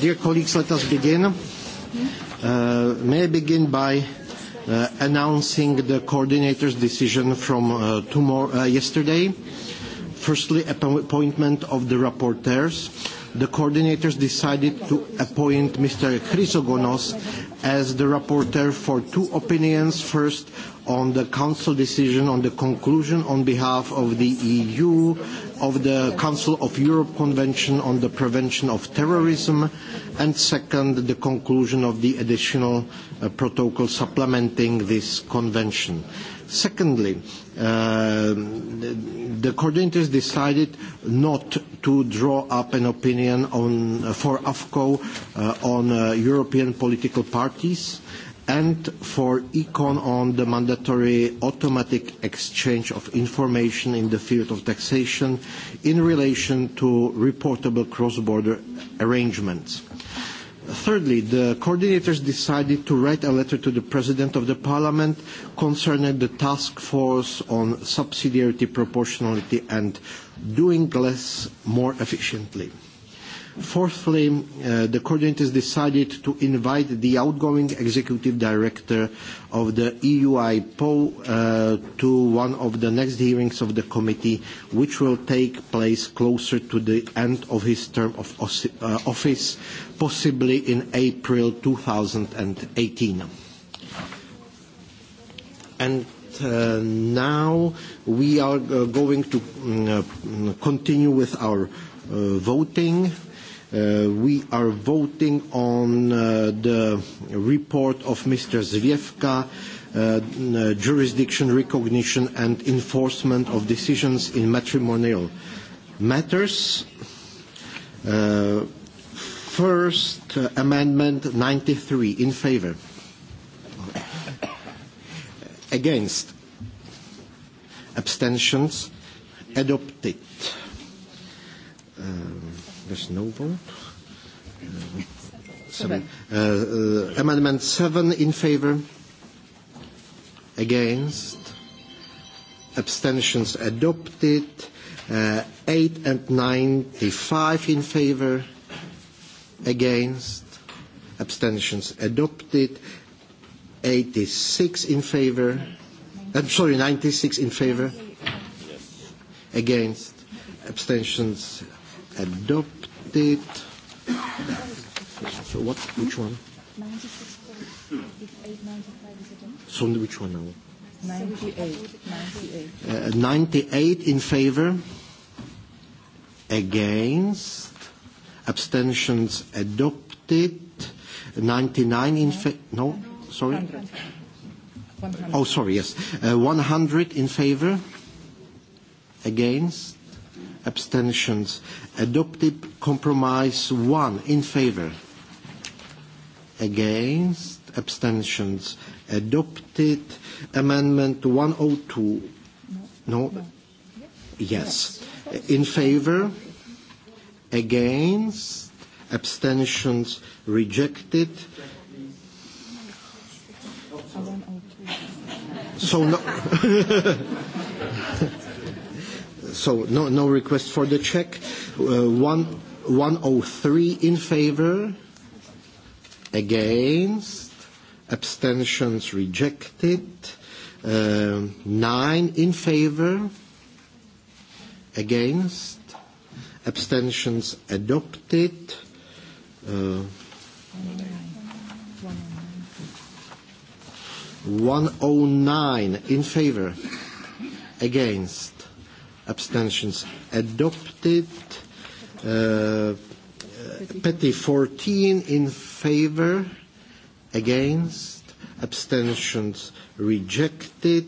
Dear colleagues, let us begin. Uh, may I begin by uh, announcing the coordinators' decision from uh, tomorrow, uh, yesterday. Firstly, appointment of the rapporteurs. Uh, the coordinators decided to appoint Mr. Chrysogonos as the rapporteur for two opinions. First, on the Council decision on the conclusion on behalf of the EU of the Council of Europe Convention on the Prevention of Terrorism, and second, the conclusion of the additional uh, protocol supplementing this convention. Uh, Secondly, uh, the coordinators decided not to draw up an opinion on, uh, for AFCO uh, on uh, European political parties and for Econ on the mandatory automatic exchange of information in the field of taxation in relation to reportable cross-border arrangements. Thirdly, the coordinators decided to write a letter to the President of the Parliament concerning the task force on subsidiarity, proportionality and doing less more efficiently. Uh, Fourthly, uh, the coordinators decided to invite the outgoing executive director of the EUIPO uh, to one of the next hearings of the committee, which will take place closer to the end of his term of uh, office, possibly in April 2018. And uh, now we are uh, going to um, uh, continue with our uh, voting. Uh, we are voting on uh, the report of Mr. Zwiefka, uh, uh, jurisdiction recognition and enforcement of decisions in matrimonial matters. Uh, first uh, amendment 93 in favor. Against. Abstentions. Adopted. Um, There's no vote. Seven. Uh, uh, amendment 7 in favor. Against. Abstentions adopted. Uh, 8 and 95 in favor. Against. Abstentions adopted. 86 in favor. I'm sorry, 96 in favor. Against. Abstentions adopted adopted. So what? Which one? 96. So which one now? 98. 98. Uh, 98 in favor. Against. Abstentions adopted. 99 in favor. No? Sorry? 100. 100. Oh, sorry, yes. Uh, 100 in favor. Against abstentions adopted compromise 1 in favor against abstentions adopted amendment 102 no, no. yes in favor against abstentions rejected oh so no so no, no request for the check. Uh, one, 103 in favor, against, abstentions rejected. Uh, nine in favor, against, abstentions adopted. Uh, 109 in favor, against, abstentions adopted. Uh, Petty 14 in favor, against, abstentions rejected.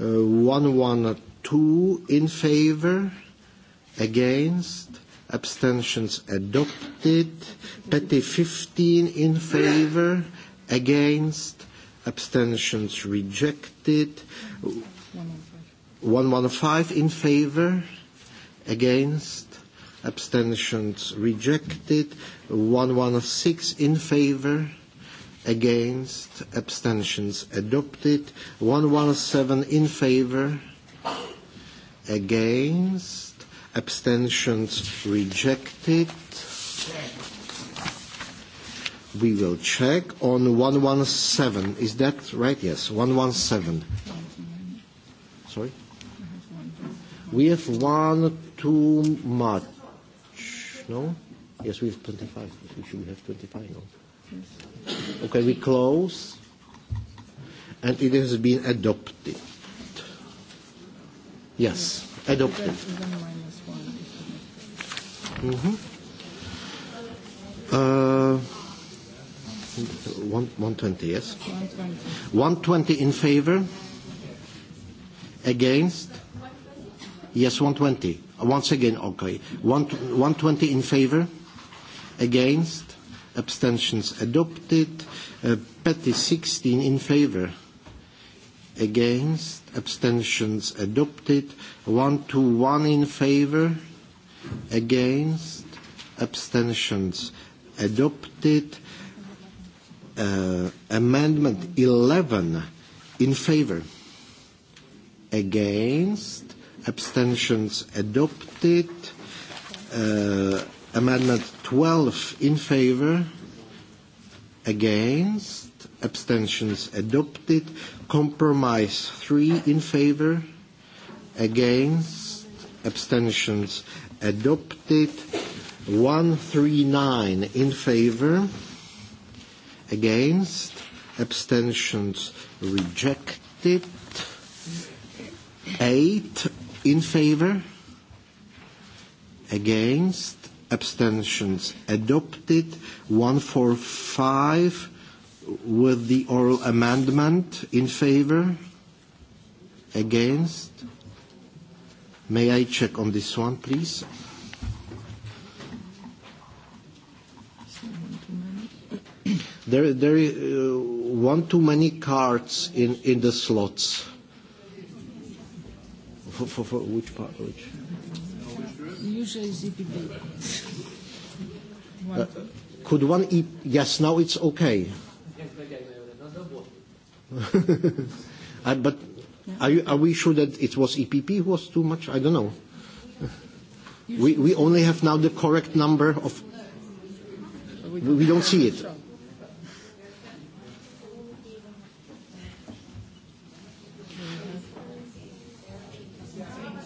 Uh, 112 in favor, against, abstentions adopted. Petty 15 in favor, against, abstentions rejected. One, one. 115 in favor, against, abstentions rejected. 116 in favor, against, abstentions adopted. 117 in favor, against, abstentions rejected. We will check on 117. Is that right? Yes, 117. Sorry? We have one too much, no? Yes, we have 25. We should have 25, no? Yes. Okay, we close. And it has been adopted. Yes, adopted. Mm-hmm. Uh, 120, yes? 120. 120 in favor? Against? Yes, 120. Once again, okay. 120 in favor? Against? Abstentions adopted. Uh, Petty 16 in favor? Against? Abstentions adopted. 121 in favor? Against? Abstentions adopted. Uh, amendment 11 in favor? Against? abstentions adopted. Uh, amendment 12 in favor, against, abstentions adopted. Compromise 3 in favor, against, abstentions adopted. 139 in favor, against, abstentions rejected. 8 in favor, against, abstentions adopted. 145 with the oral amendment in favor, against. May I check on this one, please? There, there uh, one too many cards in, in the slots. For, for, for which part? Which? Usually ZPP. Uh, could one e- yes now it's okay uh, but are, you, are we sure that it was epp who was too much i don't know we, we only have now the correct number of we don't see it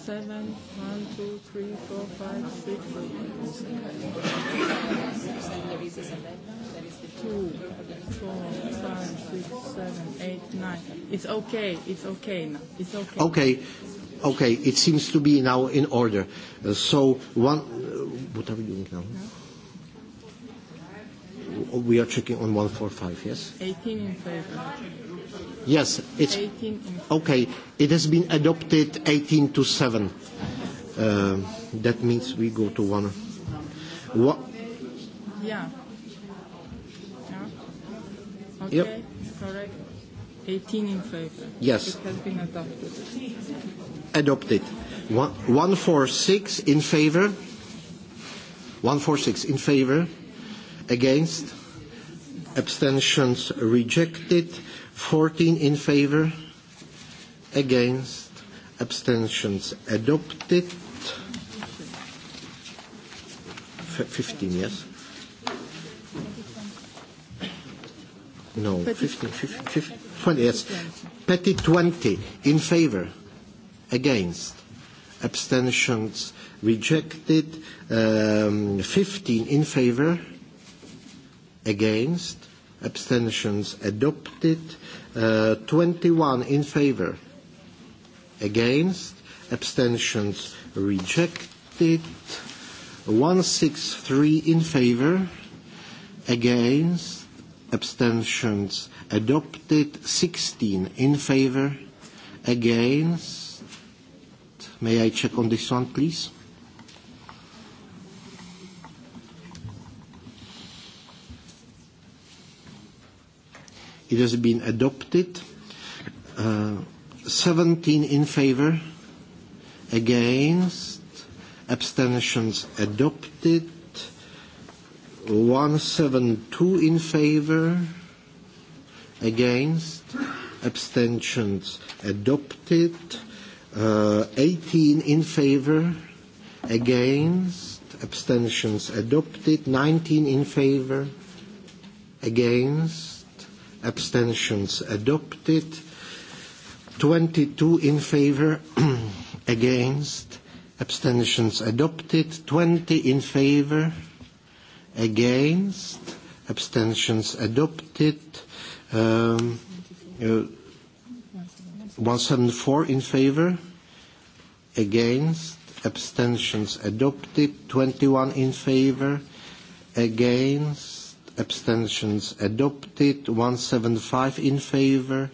seven, one, two, three, four, five, six. Then there is eleven. There is the two, four, five, six, seven, eight, nine. It's okay. It's okay now. It's okay. Okay. Okay, it seems to be now in order. Uh, so one, uh, what are we doing now? No? We are checking on 145, yes? 18 in favor. Yes, it's 18. okay. It has been adopted 18 to 7. Uh, that means we go to one. What? Yeah. yeah. Okay. Yep. Correct. 18 in favor. Yes. It has been adopted. Adopted. One, one four six in favor. One four six in favor. Against. Abstentions rejected. 14 in favor, against, abstentions adopted. 15, yes? No, 15, 15, 15, 20, yes. Petty 20 in favor, against, abstentions rejected, um, 15 in favor, against, abstentions adopted. Uh, 21 in favor, against, abstentions rejected. 163 in favor, against, abstentions adopted. 16 in favor, against. May I check on this one, please? It has been adopted. Uh, 17 in favor, against, abstentions adopted. 172 in favor, against, abstentions adopted. Uh, 18 in favor, against, abstentions adopted. 19 in favor, against, abstentions adopted. 22 in favor, against, abstentions adopted. 20 in favor, against, abstentions adopted. Um, uh, 174 in favor, against, abstentions adopted. 21 in favor, against, abstentions adopted. 175 in favor.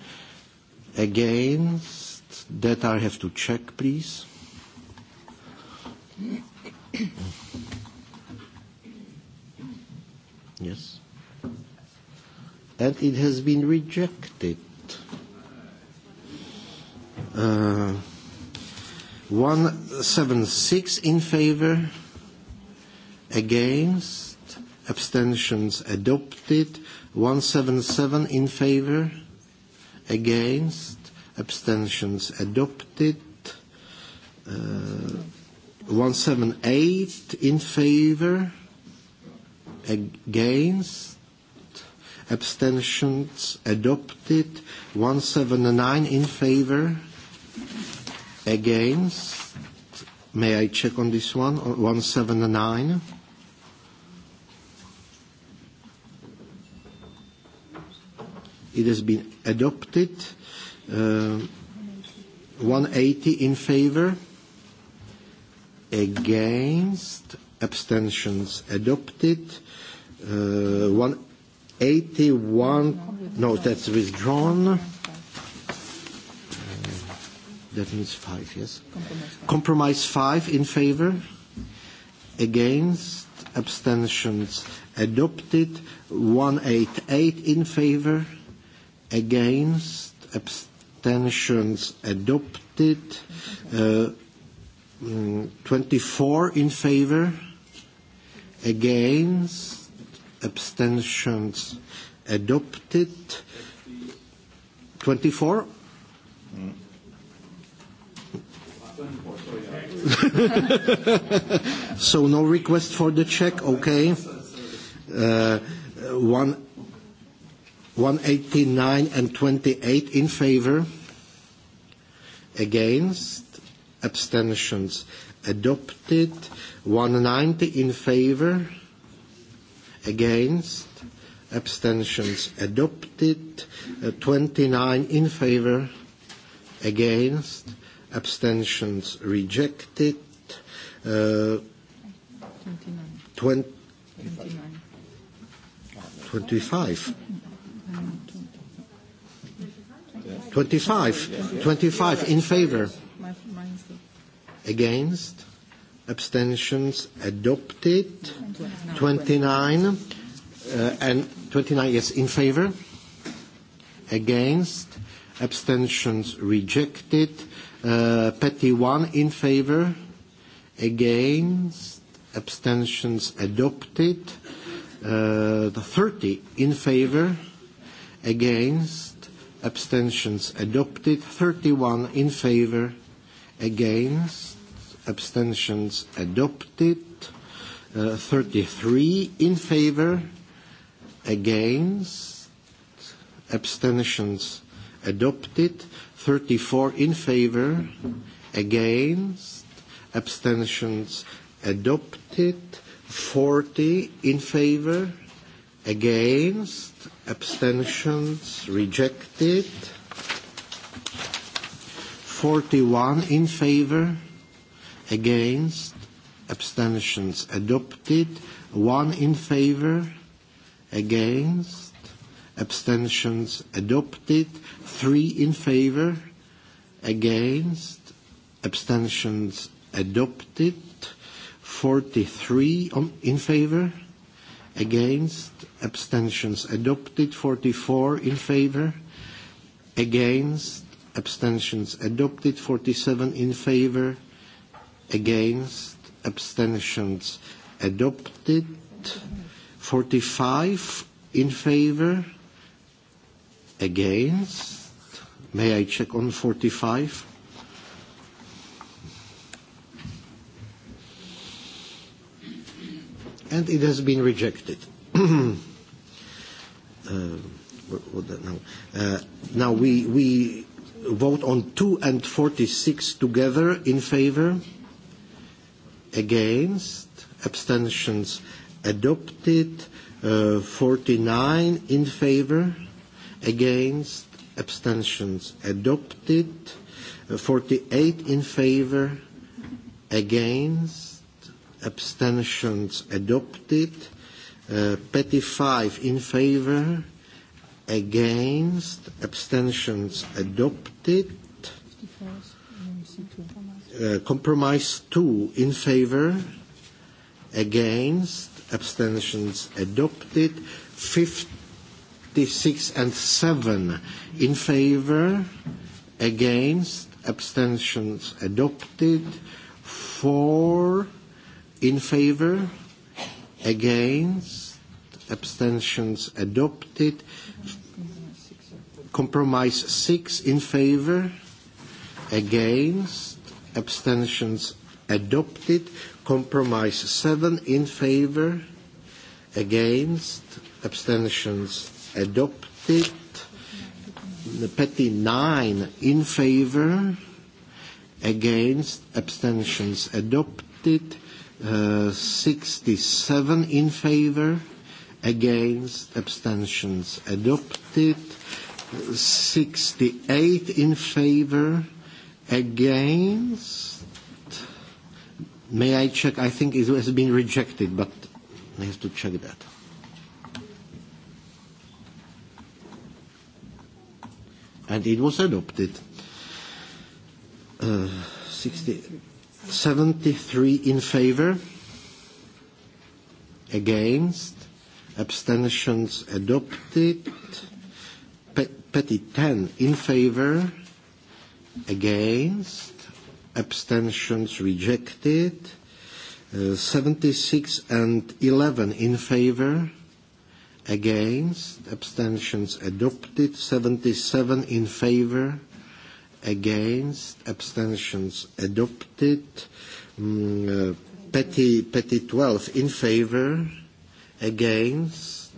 Against. That I have to check, please. Yes. And it has been rejected. Uh, 176 in favor, against, abstentions adopted. 177 in favor, against, abstentions adopted. Uh, 178 in favor, against, abstentions adopted. 179 in favor, against. May I check on this one? 179. It has been adopted. Uh, 180 in favor, against, abstentions adopted. Uh, 181. No, that's withdrawn. Uh, that means five, yes? Compromise five. Compromise five in favor, against, abstentions adopted. 188 in favor, against, abstentions adopted. Uh, 24 mm, in favor, against, abstentions adopted. 24? Mm. 24, sorry. so no request for the check, okay. Uh, one 189 and 28 in favor, against, abstentions adopted, 190 in favor, against, abstentions adopted, uh, 29 in favor, against, abstentions rejected, uh, 29. 20, 29. 25. 25. 25 in favor. Against. Abstentions adopted. 29. Uh, and 29, yes, in favor. Against. Abstentions rejected. Uh, Petty 1 in favor. Against. Abstentions adopted. Uh, the 30 in favor. Against against, abstentions adopted. 31 in favor, against, abstentions adopted. Uh, 33 in favor, against, abstentions adopted. 34 in favor, against, abstentions adopted. 40 in favor, Against? Abstentions? Rejected. 41 in favor? Against? Abstentions? Adopted. 1 in favor? Against? Abstentions? Adopted. 3 in favor? Against? Abstentions? Adopted. 43 on, um, in favor? against, abstentions adopted. 44 in favor, against, abstentions adopted. 47 in favor, against, abstentions adopted. 45 in favor, against. May I check on 45? and it has been rejected. uh, what, what that now? Uh, now we, we vote on 2 and 46 together in favor, against, abstentions adopted, uh, 49 in favor, against, abstentions adopted, uh, 48 in favor, against, abstentions adopted. Uh, petty 5 in favor, against, abstentions adopted. Uh, compromise 2 in favor, against, abstentions adopted. 56 and 7 in favor, against, abstentions adopted. 4 In favor? Against? Abstentions adopted. Compromise 6 in favor? Against? Abstentions adopted. Compromise 7 in favor? Against? Abstentions adopted. Petty 9 in favor? Against? Abstentions adopted. Uh, 67 in favor, against, abstentions adopted. 68 in favor, against. May I check? I think it has been rejected, but I have to check that. And it was adopted. Uh, 60. 73 in favor, against, abstentions adopted. Pe Petty 10 in favor, against, abstentions rejected. Uh, 76 and 11 in favor, against, abstentions adopted. 77 in favor, against, against, abstentions adopted. Mm, uh, petty, petty 12 in favor, against,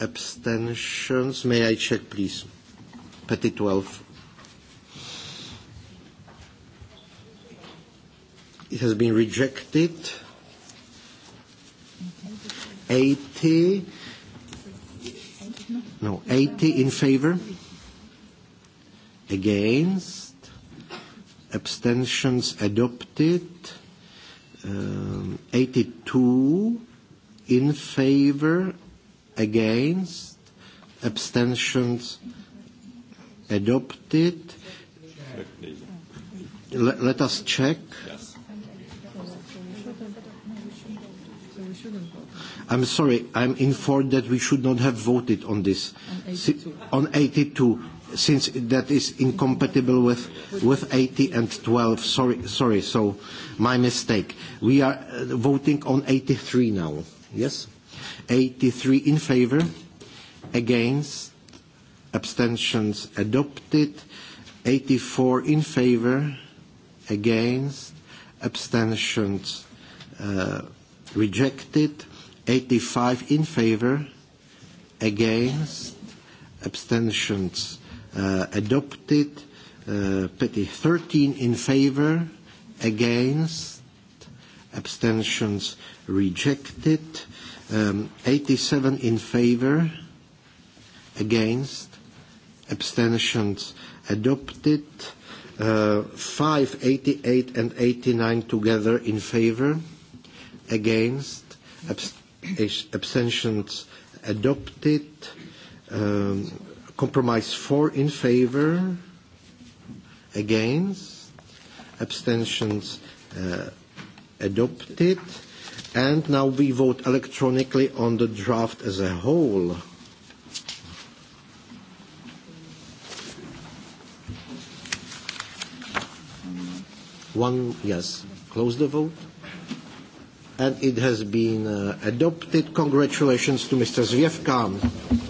abstentions. May I check, please? Petty 12. It has been rejected. 80. No, 80 in favor Against? Abstentions adopted. Um, 82 in favor, against, abstentions adopted. Let, let us check. Yes. I'm sorry, I'm informed that we should not have voted on this. On 82. Si, on 82 since that is incompatible with, with 80 and 12. Sorry, sorry, so my mistake. We are uh, voting on 83 now. Yes? 83 in favor, against, abstentions adopted. 84 in favor, against, abstentions uh, rejected. 85 in favor, against, abstentions uh, adopted. Uh, Petty 13 in favor, against, abstentions rejected. Um, 87 in favor, against, abstentions adopted. Uh, 5, 88 and 89 together in favor, against, abst abstentions adopted. Um, Compromise 4 in favor, against, abstentions uh, adopted. And now we vote electronically on the draft as a whole. One yes. Close the vote. And it has been uh, adopted. Congratulations to Mr. Zwiefka.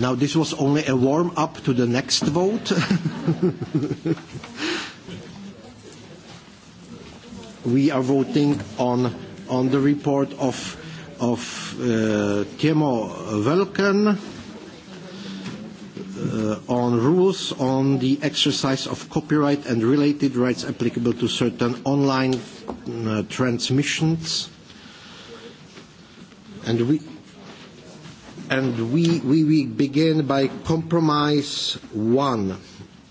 Now, this was only a warm-up to the next vote. we are voting on, on the report of, of uh, Timo Velken uh, on rules on the exercise of copyright and related rights applicable to certain online uh, transmissions. And we, and we, we, we begin by compromise one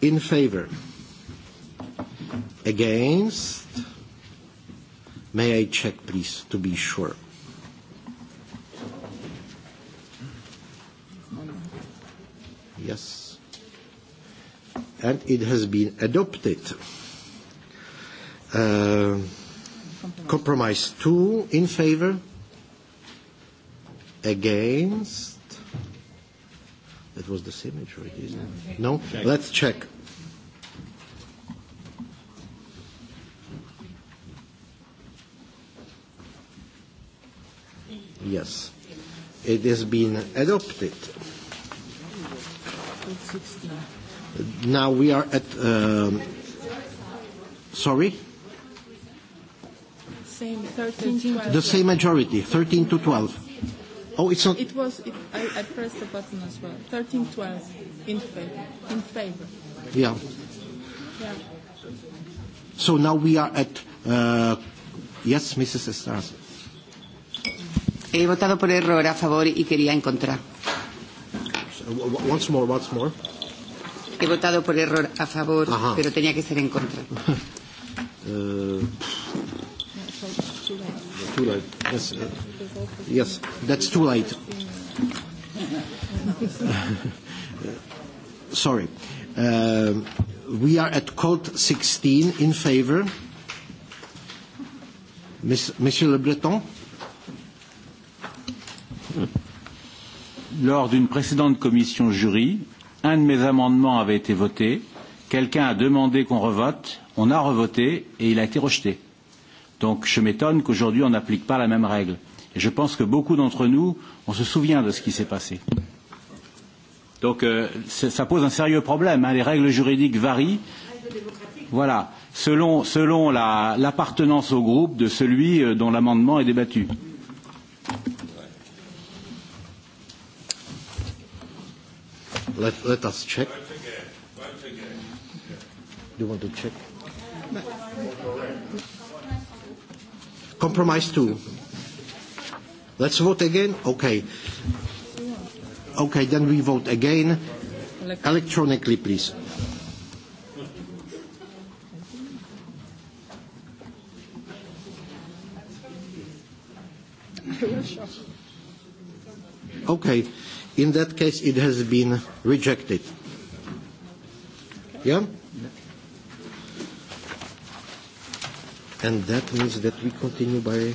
in favor against may i check please to be sure yes and it has been adopted uh, compromise two in favor Against? It was the signature, isn't it? No? Check. Let's check. Yes. It has been adopted. Now we are at. Um, sorry? Same 13 to 12. The same majority, 13 to 12. Oh, it's not. It was. It, I, I pressed the button as well. 13, 12 in favor. In favor. Yeah. Yeah. So now we are at. Uh, yes, Mrs. Estrada. He votado por error a favor y quería en contra. Uh, once more, once more. He votado por error a favor, Ajá. pero tenía que ser en contra. uh, too late. Too late. Yes. Uh, Yes, that's too late. Sorry. Uh, we are at code 16 in favor. Miss, Monsieur Le Breton. Lors d'une précédente commission jury, un de mes amendements avait été voté. Quelqu'un a demandé qu'on revote. On a revoté et il a été rejeté. Donc je m'étonne qu'aujourd'hui on n'applique pas la même règle. Et je pense que beaucoup d'entre nous, on se souvient de ce qui s'est passé. Donc euh, ça pose un sérieux problème. Hein. Les règles juridiques varient. Voilà, selon, selon l'appartenance la, au groupe de celui euh, dont l'amendement est débattu. Let, let us check. Do you want to check? Compromise 2. Let's vote again? Okay. Okay, then we vote again electronically, please. Okay. In that case, it has been rejected. Yeah? And that means that we continue by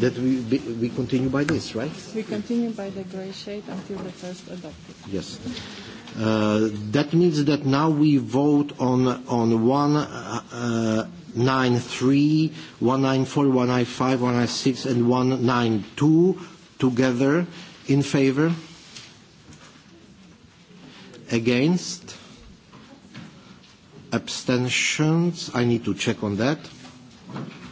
that we, be, we continue by this, right? We continue by the gray shade until the first adopted. Yes. Uh, that means that now we vote on, on 193, 194, 195, 196, and 192 together in favor, against, abstentions. I need to check on that. Thank you.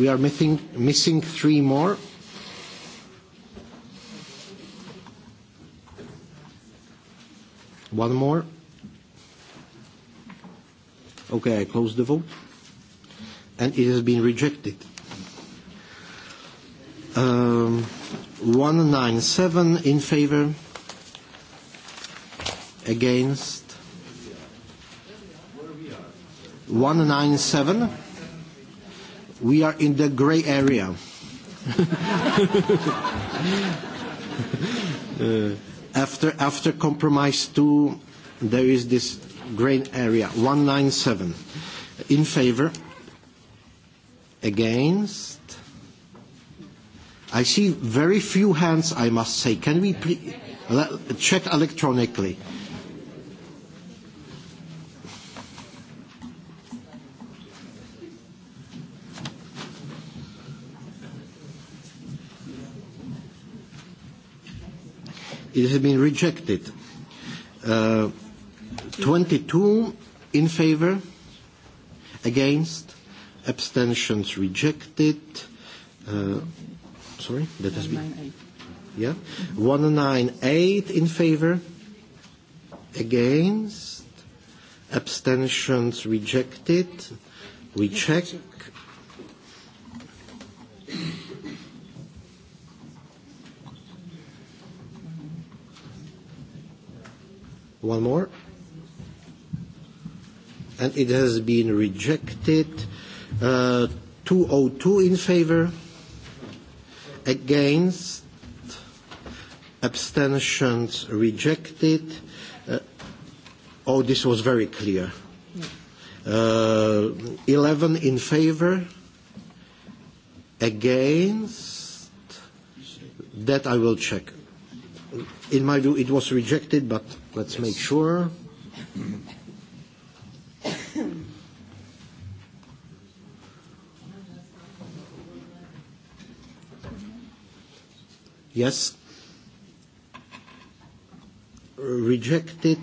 We are missing, missing three more. One more. Okay, I close the vote. And it has been rejected. Um, 197 in favor. Against. 197 we are in the gray area. uh, after, after compromise two, there is this gray area, 197. In favor? Against? I see very few hands, I must say. Can we please check electronically? It has been rejected. Uh, 22 in favor, against, abstentions rejected. Uh, sorry, that has been. Yeah. 198 in favor, against, abstentions rejected. We check. One more. And it has been rejected. Uh, 202 in favor, against, abstentions rejected. Uh, oh, this was very clear. Uh, 11 in favor, against, that I will check. In my view, it was rejected, but Let's yes. make sure. yes. Rejected.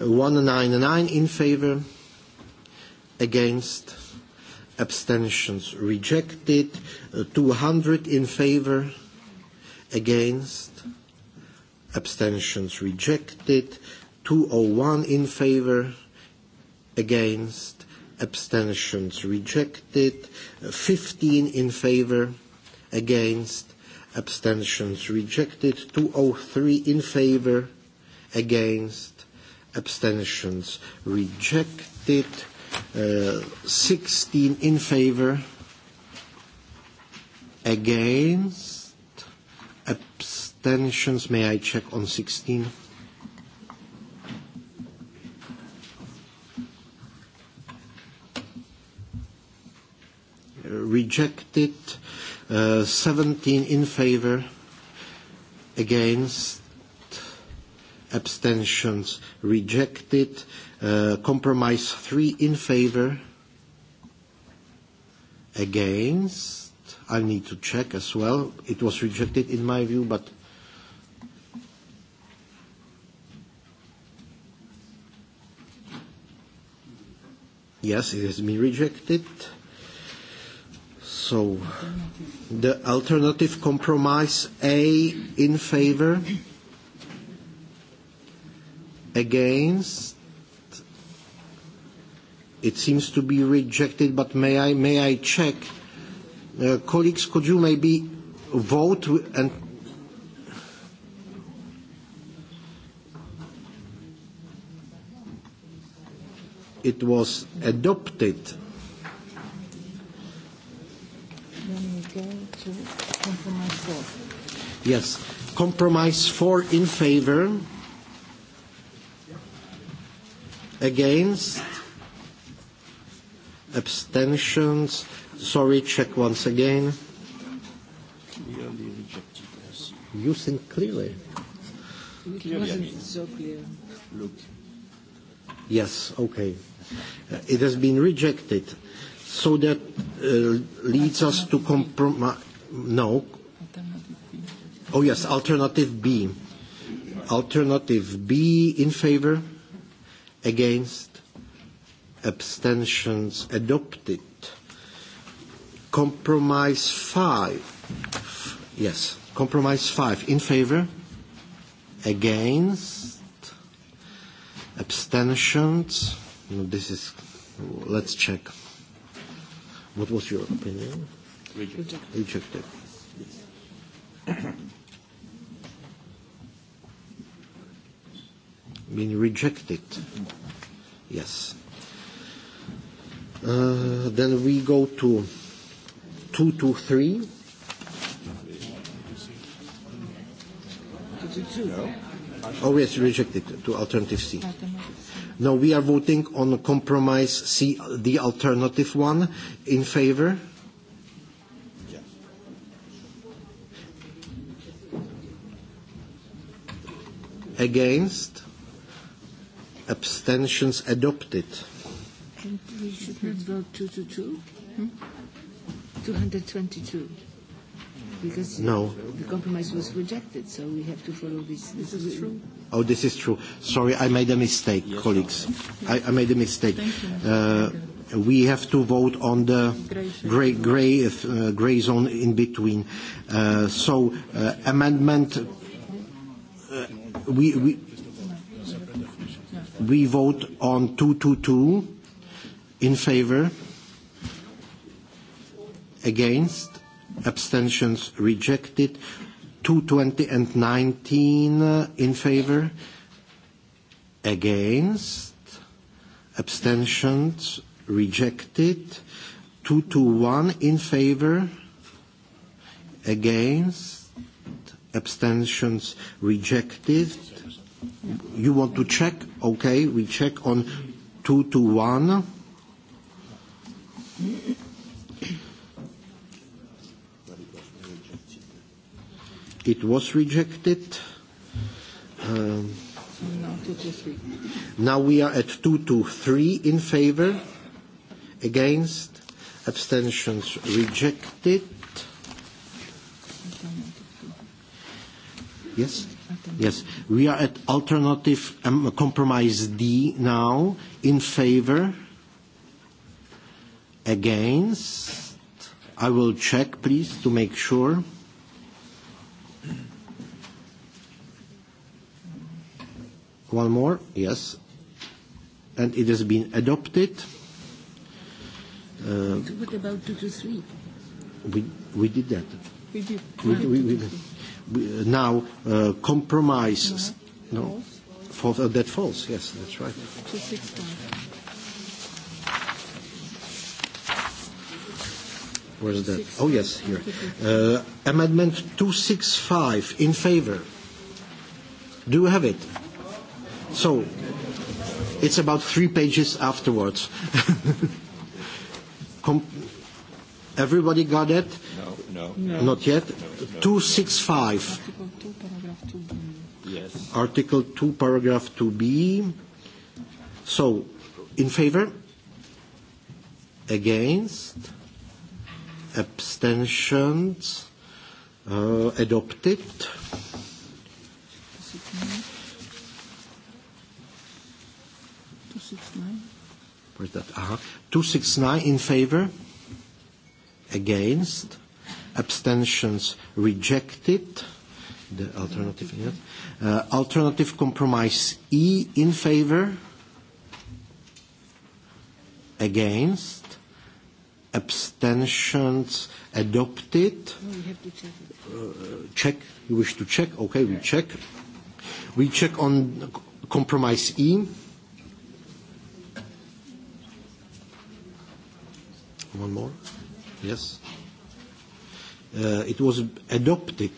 199 in favor. Against. Abstentions rejected. 200 in favor. Against abstentions rejected. 201 in favor, against, abstentions rejected. 15 in favor, against, abstentions rejected. 203 in favor, against, abstentions rejected. Uh, 16 in favor, against, abstentions abstentions. May I check on 16? Rejected. Uh, 17 in favor, against, abstentions. Rejected. Uh, compromise 3 in favor, against. I'll need to check as well. It was rejected in my view, but Yes, it has been rejected. So the alternative compromise A in favor, against. It seems to be rejected, but may I, may I check? Uh, colleagues, could you maybe vote and it was adopted. Then we go to compromise four. Yes. Compromise four in favor. Against. Abstentions. Sorry, check once again. Clearly rejected. Yes. You think clearly? It wasn't so clear. Look. Yes, okay. It has been rejected. So that uh, leads us to compromise. No. Oh, yes, alternative B. Alternative B in favor, against, abstentions adopted. Compromise 5. Yes, compromise 5 in favor, against, abstentions No, this is, let's check. What was your opinion? Rejected. Rejected. Been rejected. Yes. Uh, then we go to 223. No. Oh, yes, rejected to alternative C. Alternative C. Now we are voting on compromise C, the alternative one, in favor? Yes. Against? Abstentions adopted. And we should not vote 222? Hmm? 222 because no. the compromise was rejected, so we have to follow this. This is true. Oh, this is true. Sorry, I made a mistake, yes, colleagues. I, I made a mistake. Thank you. Uh, we have to vote on the gray, gray, uh, gray zone in between. Uh, so uh, amendment, uh, we, we, we vote on 222 in favor, against, abstentions rejected. 220 and 19 uh, in favor, against, abstentions rejected. 221 in favor, against, abstentions rejected. You want to check? Okay, we check on 221. It was rejected. Um, no, two, two, three. Now we are at 223 in favor, against, abstentions rejected. Yes? Yes. We are at alternative um, compromise D now, in favor, against. I will check, please, to make sure. One more? Yes. And it has been adopted. Uh, what about 2 to 3? We, we did that. We did. We, we, we, we, uh, now, uh, compromise. No. Uh-huh. no. False. False. Uh, that falls, yes, that's right. 2 6 5. Where's that? Oh, yes, here. Uh, amendment 265 in favor. Do you have it? So, it's about three pages afterwards. Com- Everybody got it? No, no. no. Not yet? No, no. 265. Article 2, paragraph 2b. Yes. Article 2, paragraph 2b. So, in favor? Against? Abstentions? Uh, adopted? 269. Where's that? Uh-huh. 269 in favor, against, abstentions rejected. The alternative, yes. Uh, alternative compromise E in favor, against, abstentions adopted. No, oh, we have to check. Uh, check. You wish to check? Okay, we check. We check on compromise E. One more? Yes. Uh, it was adopted.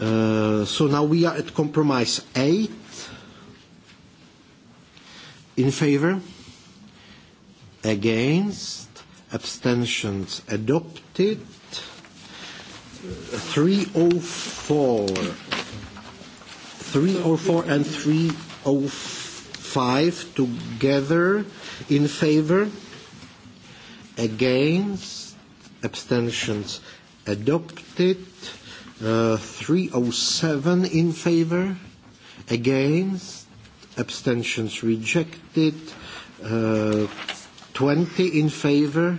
Uh, so now we are at compromise 8. In favor? Against? Abstentions adopted. 304. 304 and 305 together in favor against, abstentions adopted. Uh, 307 in favor, against, abstentions rejected. Uh, 20 in favor,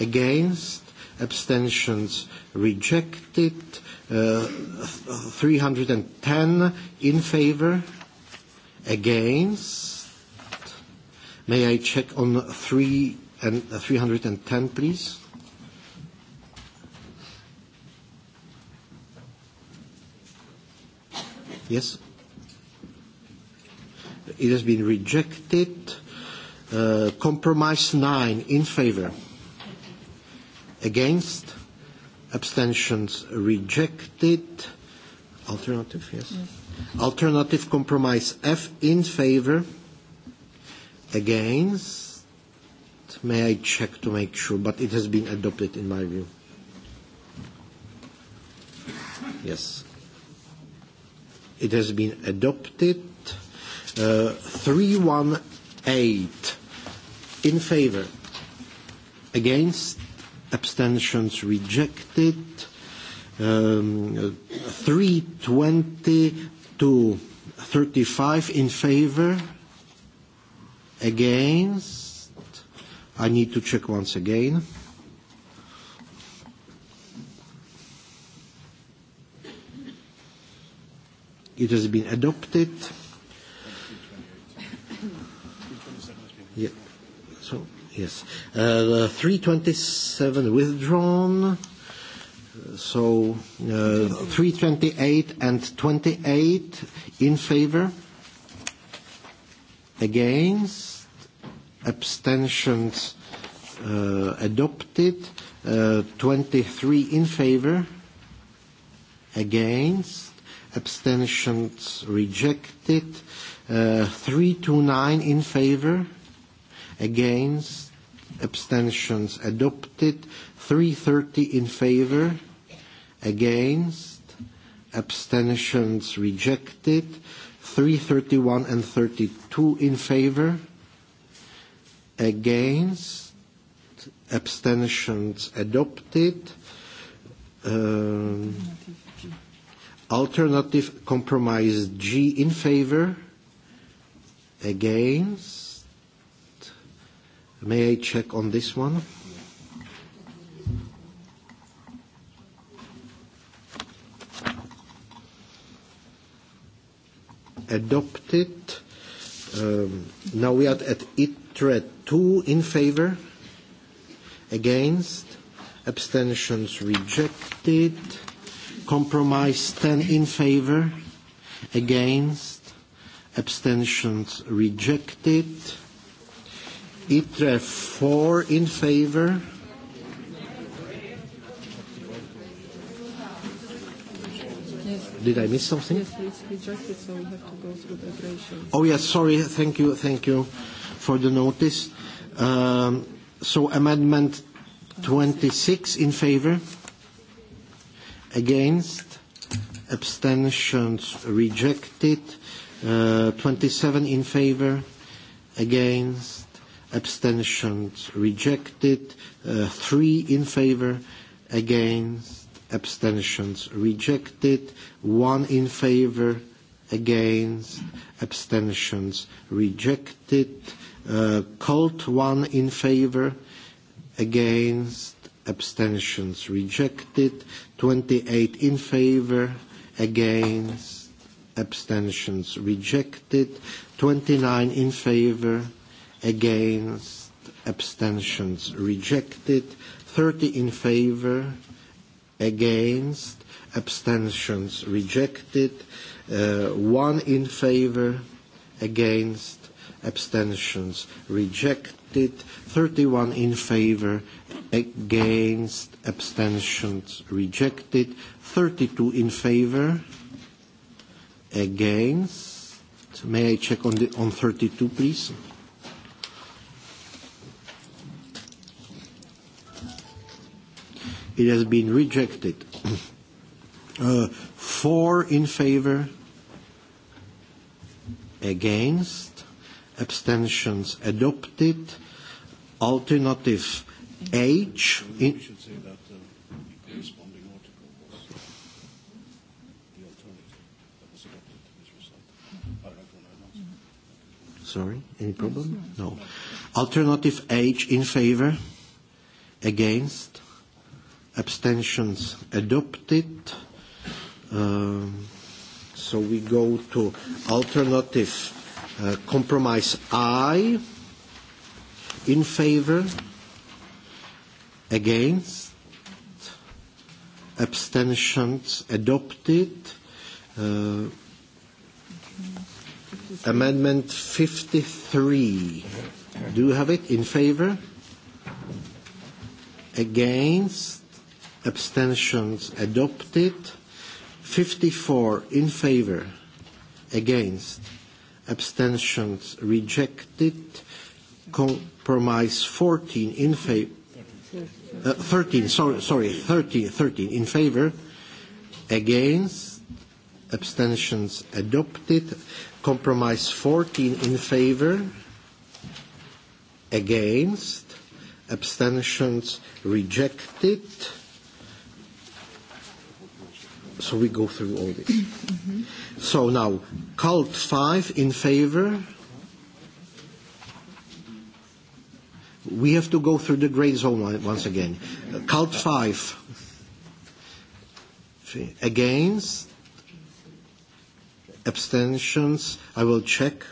against, abstentions rejected. Uh, 310 in favor, against. May I check on three And uh, 310, please. Yes? It has been rejected. Uh, compromise 9 in favor. Against. Abstentions rejected. Alternative, yes. yes. Alternative compromise F in favor. Against May I check to make sure? But it has been adopted in my view. Yes. It has been adopted. Uh, 318 in favor. Against. Abstentions rejected. Um, 320 to 35 in favor. Against I need to check once again. It has been adopted. Yeah. So, yes. Uh, 327 withdrawn. So, uh, 328 and 28 in favor. Against abstentions uh, adopted. Uh, 23 in favor, against, abstentions rejected. Uh, 329 in favor, against, abstentions adopted. 330 in favor, against, abstentions rejected. 331 and 32 in favor, against, abstentions adopted. Um, alternative compromise G in favor, against. May I check on this one? adopted. Um, now we are at ITRE 2 in favor, against, abstentions rejected. Compromise 10 in favor, against, abstentions rejected. ITRE 4 in favor. Did I miss something? Yes, it's rejected, so we have to go through the operations. Oh, yes, sorry. Thank you. Thank you. Uh, for the notice. Um, so amendment 26 in favor, against, abstentions rejected. Uh, 27 in favor, against, abstentions rejected. Uh, 3 in favor, against, abstentions rejected. 1 in favor, against, abstentions rejected. Uh, cult 1 in favor, against, abstentions rejected. 28 in favor, against, abstentions rejected. 29 in favor, against, abstentions rejected. 30 in favor, against, abstentions rejected. Uh, 1 in favor, against, abstentions rejected 31 in favor against abstentions rejected 32 in favor against may I check on the on 32 please it has been rejected uh, four in favor against abstentions adopted. Alternative H. In, um, Sorry, any problem? No. Alternative H in favor? Against? Abstentions adopted. Um, so we go to alternative Uh, compromise I in favor, against, abstentions adopted. Uh, amendment 53. Do you have it in favor? Against, abstentions adopted. 54 in favor, against, abstentions rejected. Compromise 14 in favor. Uh, 13, sorry, sorry, 13, 13 in favor, against, abstentions adopted. Compromise 14 in favor, against, abstentions rejected. Uh, so we go through all this. Mm-hmm. So now, cult five in favor. We have to go through the gray zone once again. Cult five against abstentions. I will check.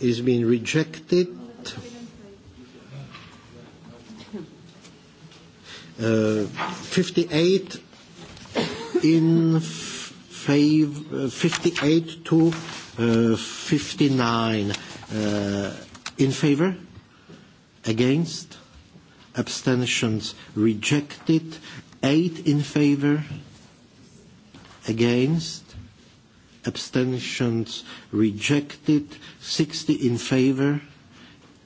Is being rejected Uh, 58 in favor, 58 uh, to uh, 59 uh, in favor, against, abstentions rejected, 8 in favor, against, abstentions rejected, 60 in favor,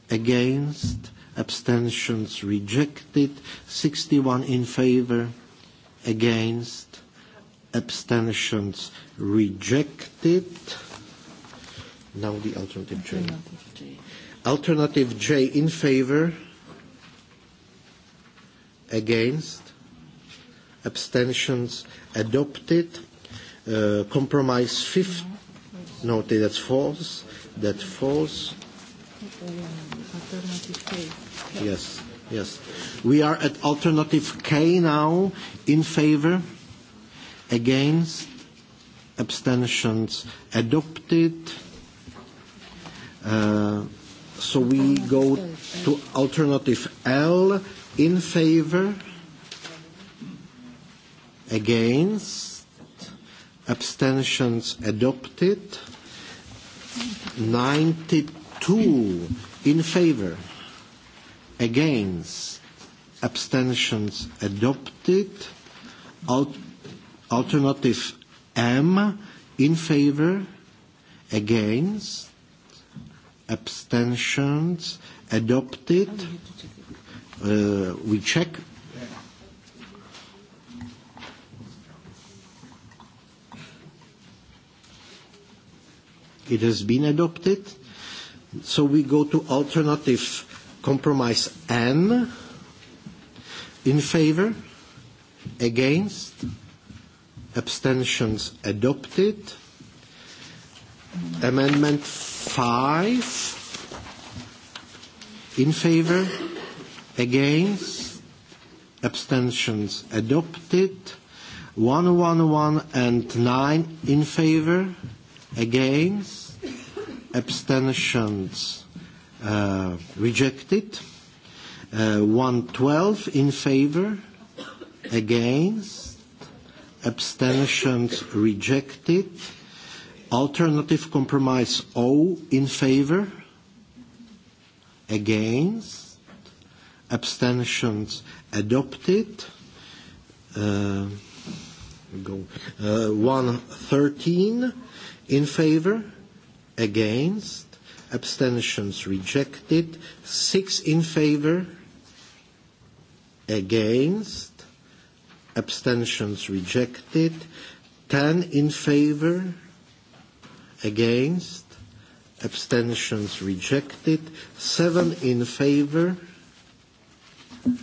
against, abstentions rejected, 61 in favor, against, abstentions rejected. Now the alternative J. Alternative J, alternative J in favor, against, abstentions adopted, uh, compromise 5, no, that's false, that false. Alternative K. Yes. Yes. We are at alternative K now. In favor? Against? Abstentions adopted. Uh, so we go to alternative L. In favor? Against? Abstentions adopted. 92 in favor against abstentions adopted Alt- alternative m in favor against abstentions adopted uh, we check it has been adopted so we go to alternative Compromise N in favor, against, abstentions adopted. Amendment 5 in favor, against, abstentions adopted. 111 and 9 in favor, against, abstentions uh, rejected. Uh, 112 in favor, against, abstentions rejected. Alternative compromise O in favor, against, abstentions adopted. Uh, go. Uh, 113 in favor, against, abstentions rejected. Six in favor, against, abstentions rejected. 10 in favor, against, abstentions rejected. 7 in favor,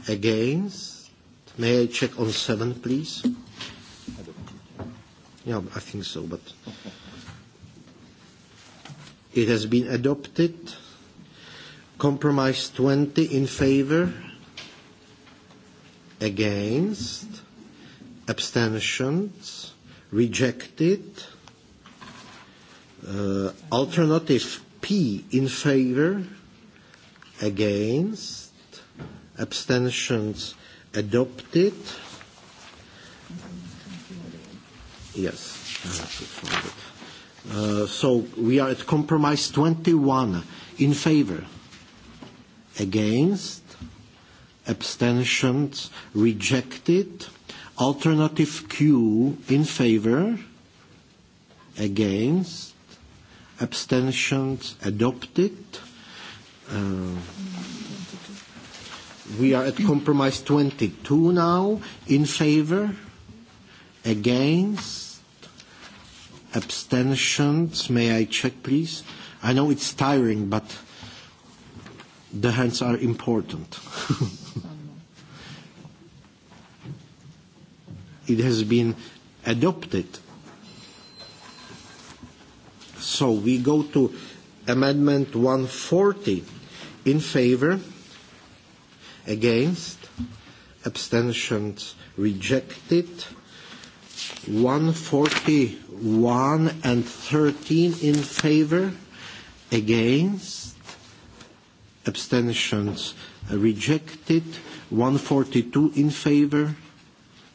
against. May I check on 7, please? Yeah, I think so, but. Okay. It has been adopted. Compromise 20 in favor, against, abstentions, rejected. Uh, alternative P in favor, against, abstentions adopted. Yes, I have to find it. Uh, so we are at compromise 21 in favor, against, abstentions, rejected. Alternative Q in favor, against, abstentions, adopted. Uh, we are at compromise 22 now, in favor, against, abstentions. May I check, please? I know it's tiring, but the hands are important. it has been adopted. So we go to amendment 140 in favor, against, abstentions rejected. 140 1 and 13 in favor, against, abstentions rejected, 142 in favor,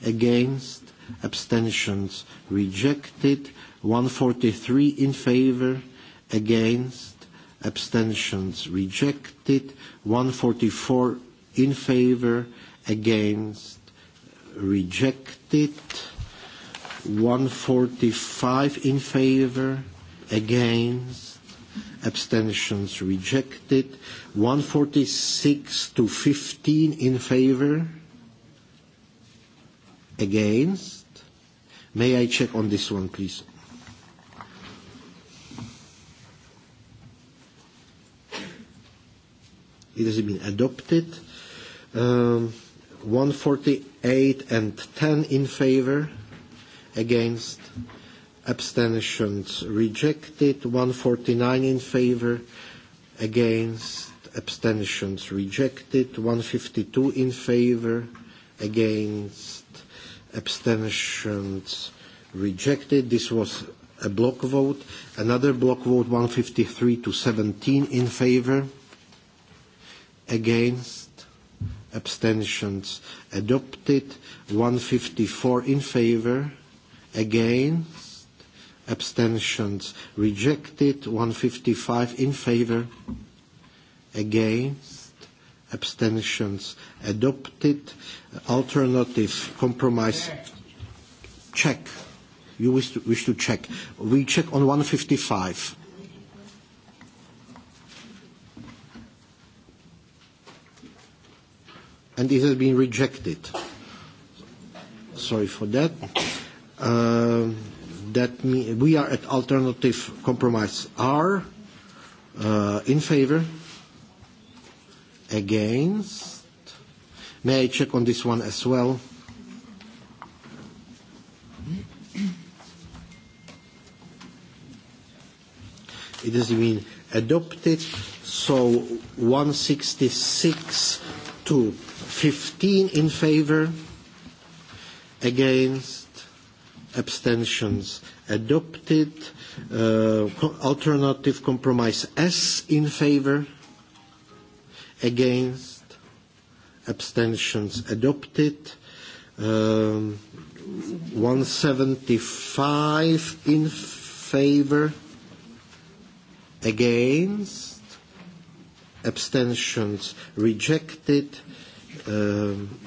against, abstentions rejected, 143 in favor, against, abstentions rejected, 144 in favor, against, rejected. 145 in favor, against, abstentions rejected. 146 to 15 in favor, against. May I check on this one, please? It has been adopted. Um, 148 and 10 in favor, against, abstentions rejected, 149 in favor, against, abstentions rejected, 152 in favor, against, abstentions rejected. This was a block vote. Another block vote, 153 to 17 in favor, against, abstentions adopted, 154 in favor, against, abstentions rejected, 155 in favor, against, abstentions adopted, alternative compromise check. You wish to, wish to check. We check on 155. And it has been rejected. Sorry for that. Uh, that mean we are at alternative compromise R uh, in favor, against. May I check on this one as well? It has been adopted, so 166 to 15 in favor, against abstentions adopted. Uh, co alternative compromise S in favor, against, abstentions adopted. Um, 175 in favor, against, abstentions rejected. Um,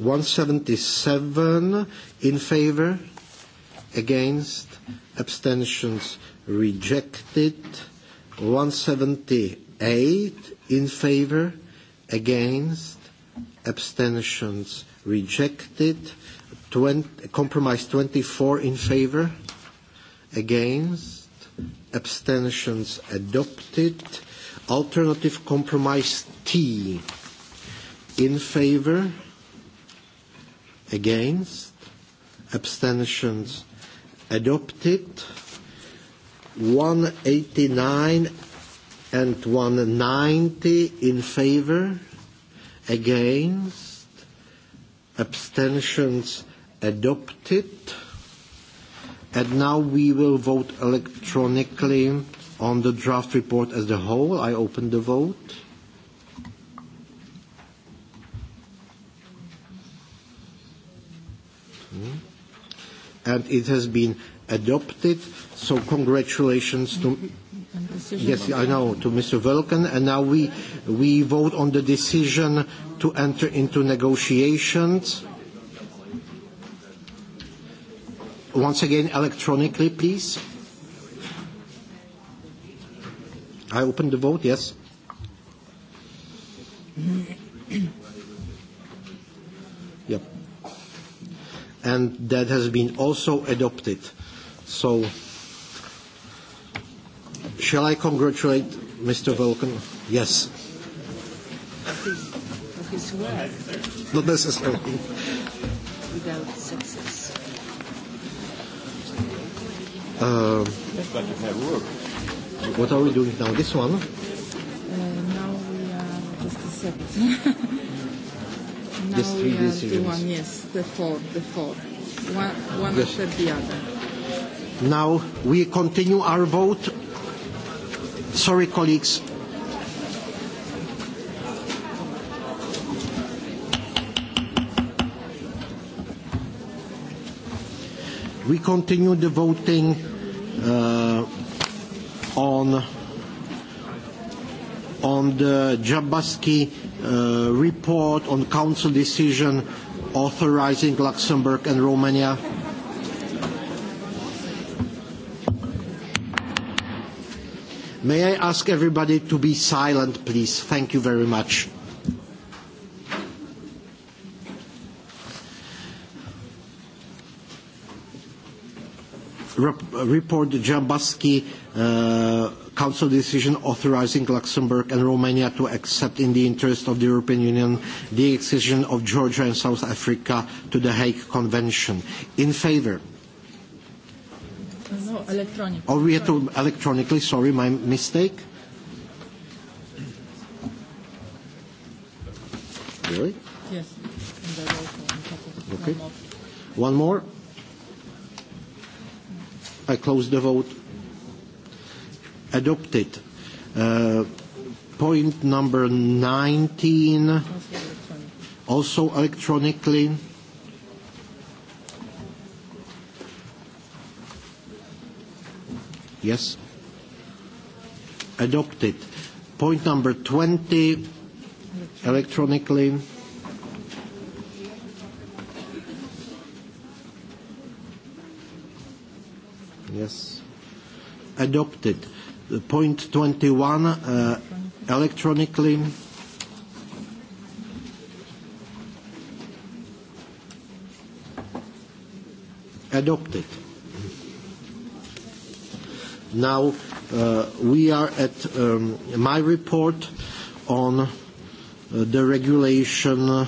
177 in favor, against, abstentions rejected. 178 in favor, against, abstentions rejected. 20, compromise 24 in favor, against, abstentions adopted. Alternative compromise T in favor, against, Against? Abstentions adopted. 189 and 190 in favor, against, abstentions adopted. And now we will vote electronically on the draft report as the whole. I open the vote. Mm? And it has been adopted. So congratulations to. Yes, I know, to Mr. Vulcan. And now we, we vote on the decision to enter into negotiations. Once again, electronically, please. I open the vote, yes. and that has been also adopted. So, shall I congratulate Mr. Vulcan? Yes. Of his work. Not necessarily. Without success. Uh, um, yes, but it had worked. What are we doing now? This one? Uh, now we are just a second. now Just three we are decisions. the one, yes, the four, the four one, one yes. after the other. Now we continue our vote. Sorry, colleagues. We continue the voting uh, on on the Jabaski uh, report on council decision authorizing Luxembourg and Romania May I ask everybody to be silent, please? Thank you very much. Rep report Jambaski, uh, Council decision authorizing Luxembourg and Romania to accept in the interest of the European Union the accession of Georgia and South Africa to the Hague Convention. In favor? No, electronic. Oh, we have to electronically, sorry, my mistake. Really? Yes. Okay. One more. I close the vote. Adopted. Uh, point number 19, also electronically. Yes. Adopted. Point number 20, electronically. Yes. Adopted Point 21, uh, electronically. Adopted. Now, uh, we are at um, my report on uh, the regulation uh,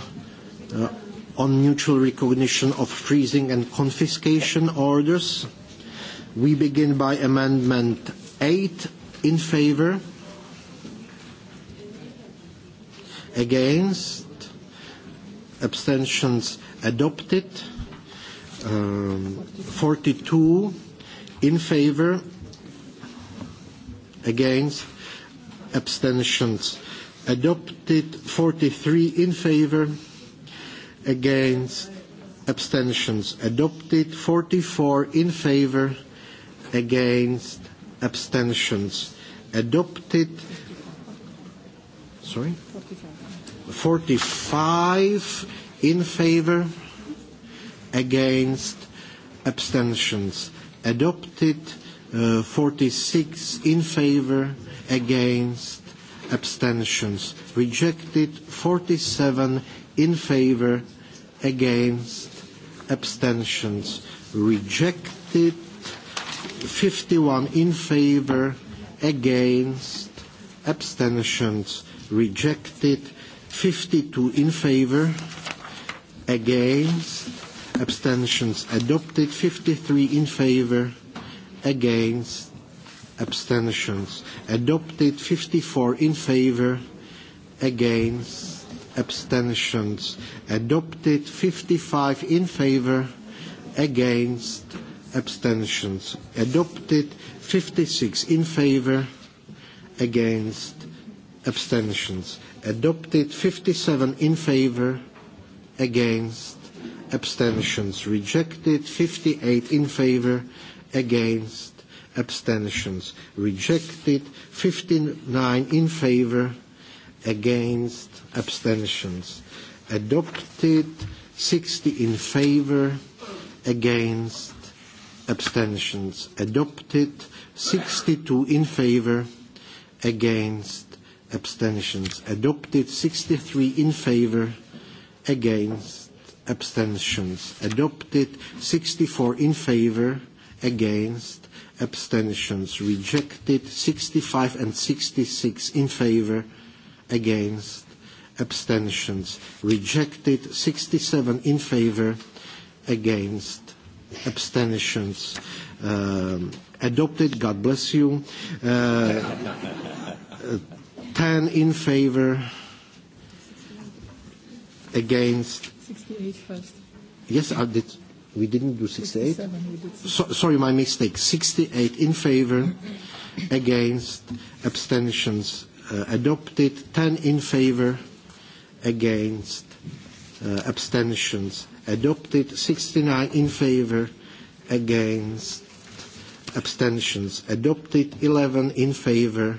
on mutual recognition of freezing and confiscation orders. We begin by amendment 8 in favor, against, abstentions adopted, um, 42 in favor, against, abstentions adopted, 43 in favor, against, abstentions adopted, 44 in favor, against, abstentions adopted. Sorry? 45. 45 in favor, against, abstentions adopted. Uh, 46 in favor, against, abstentions rejected. 47 in favor, against, abstentions rejected. 51 in favor, against, abstentions rejected. 52 in favor, against, abstentions adopted. 53 in favor, against, abstentions adopted. 54 in favor, against, abstentions adopted. 55 in favor, against, abstentions abstentions adopted 56 in favor against abstentions adopted 57 in favor against abstentions rejected 58 in favor against abstentions rejected 59 in favor against abstentions adopted 60 in favor against abstentions adopted. 62 in favor, against, abstentions adopted. 63 in favor, against, abstentions adopted. 64 in favor, against, abstentions rejected. 65 and 66 in favor, against, abstentions rejected. 67 in favor, against, abstentions um, adopted. God bless you. Uh, 10 in favor, against. 68 first. Yes, I did. We didn't do 68. 67, we did 68. So, sorry, my mistake. 68 in favor, against, abstentions uh, adopted. 10 in favor, against, uh, abstentions adopted 69 in favor against abstentions adopted 11 in favor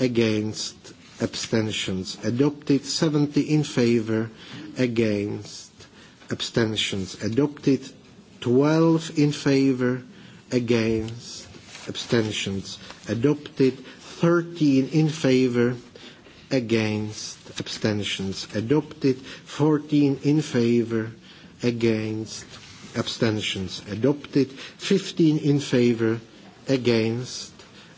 against abstentions adopted 70 in favor against abstentions adopted 12 in favor against abstentions adopted 13 in favor against abstentions adopted 14 in favor against, abstentions adopted. 15 in favor, against,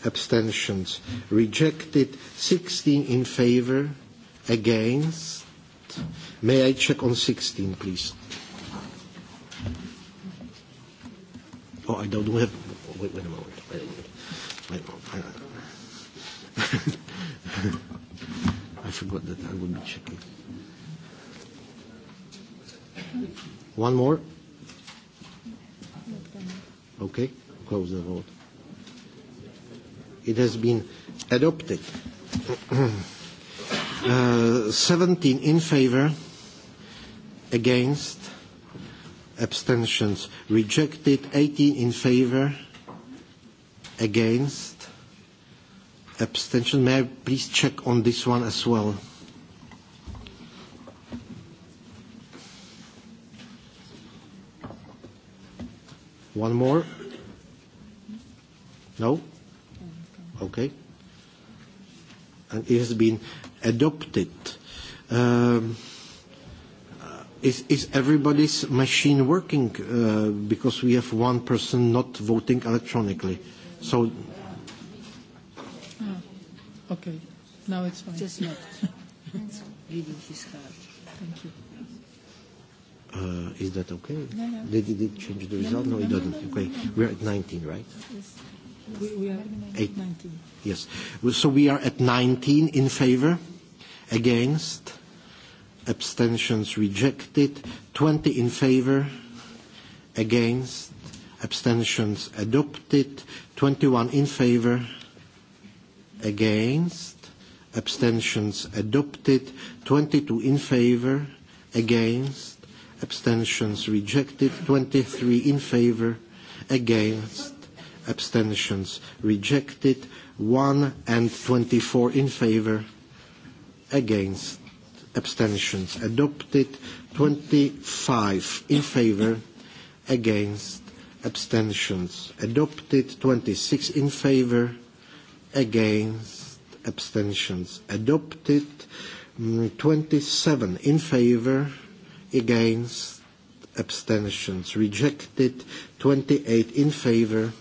abstentions rejected. 16 in favor, against. May I check on 16, please? Oh, I don't have. Wait, wait a moment. Wait a moment. Wait a moment. I forgot that I would be checking. One more? Okay, close the vote. It has been adopted. uh, 17 in favor, against, abstentions rejected, 18 in favor, against, abstention. May I please check on this one as well? One more? No? Okay. And it has been adopted. Um, uh, is, is everybody's machine working? Uh, because we have one person not voting electronically. So. Ah, okay. Now it's fine. Just not. Reading his card. Thank you. Uh, is that okay? No, no. They did it change the result? No, no, no it no, doesn't. No, no, okay. No, no. We're at 19, right? Yes. yes. We, we are at 19. Yes. So we are at 19 in favor, against, abstentions rejected, 20 in favor, against, abstentions adopted, 21 in favor, against, abstentions adopted, 22 in favor, against, abstentions rejected. 23 in favor, against, abstentions rejected. 1 and 24 in favor, against, abstentions adopted. 25 in favor, against, abstentions adopted. 26 in favor, against, abstentions adopted. 27 mm, in favor, against, abstentions rejected, 28 in favor,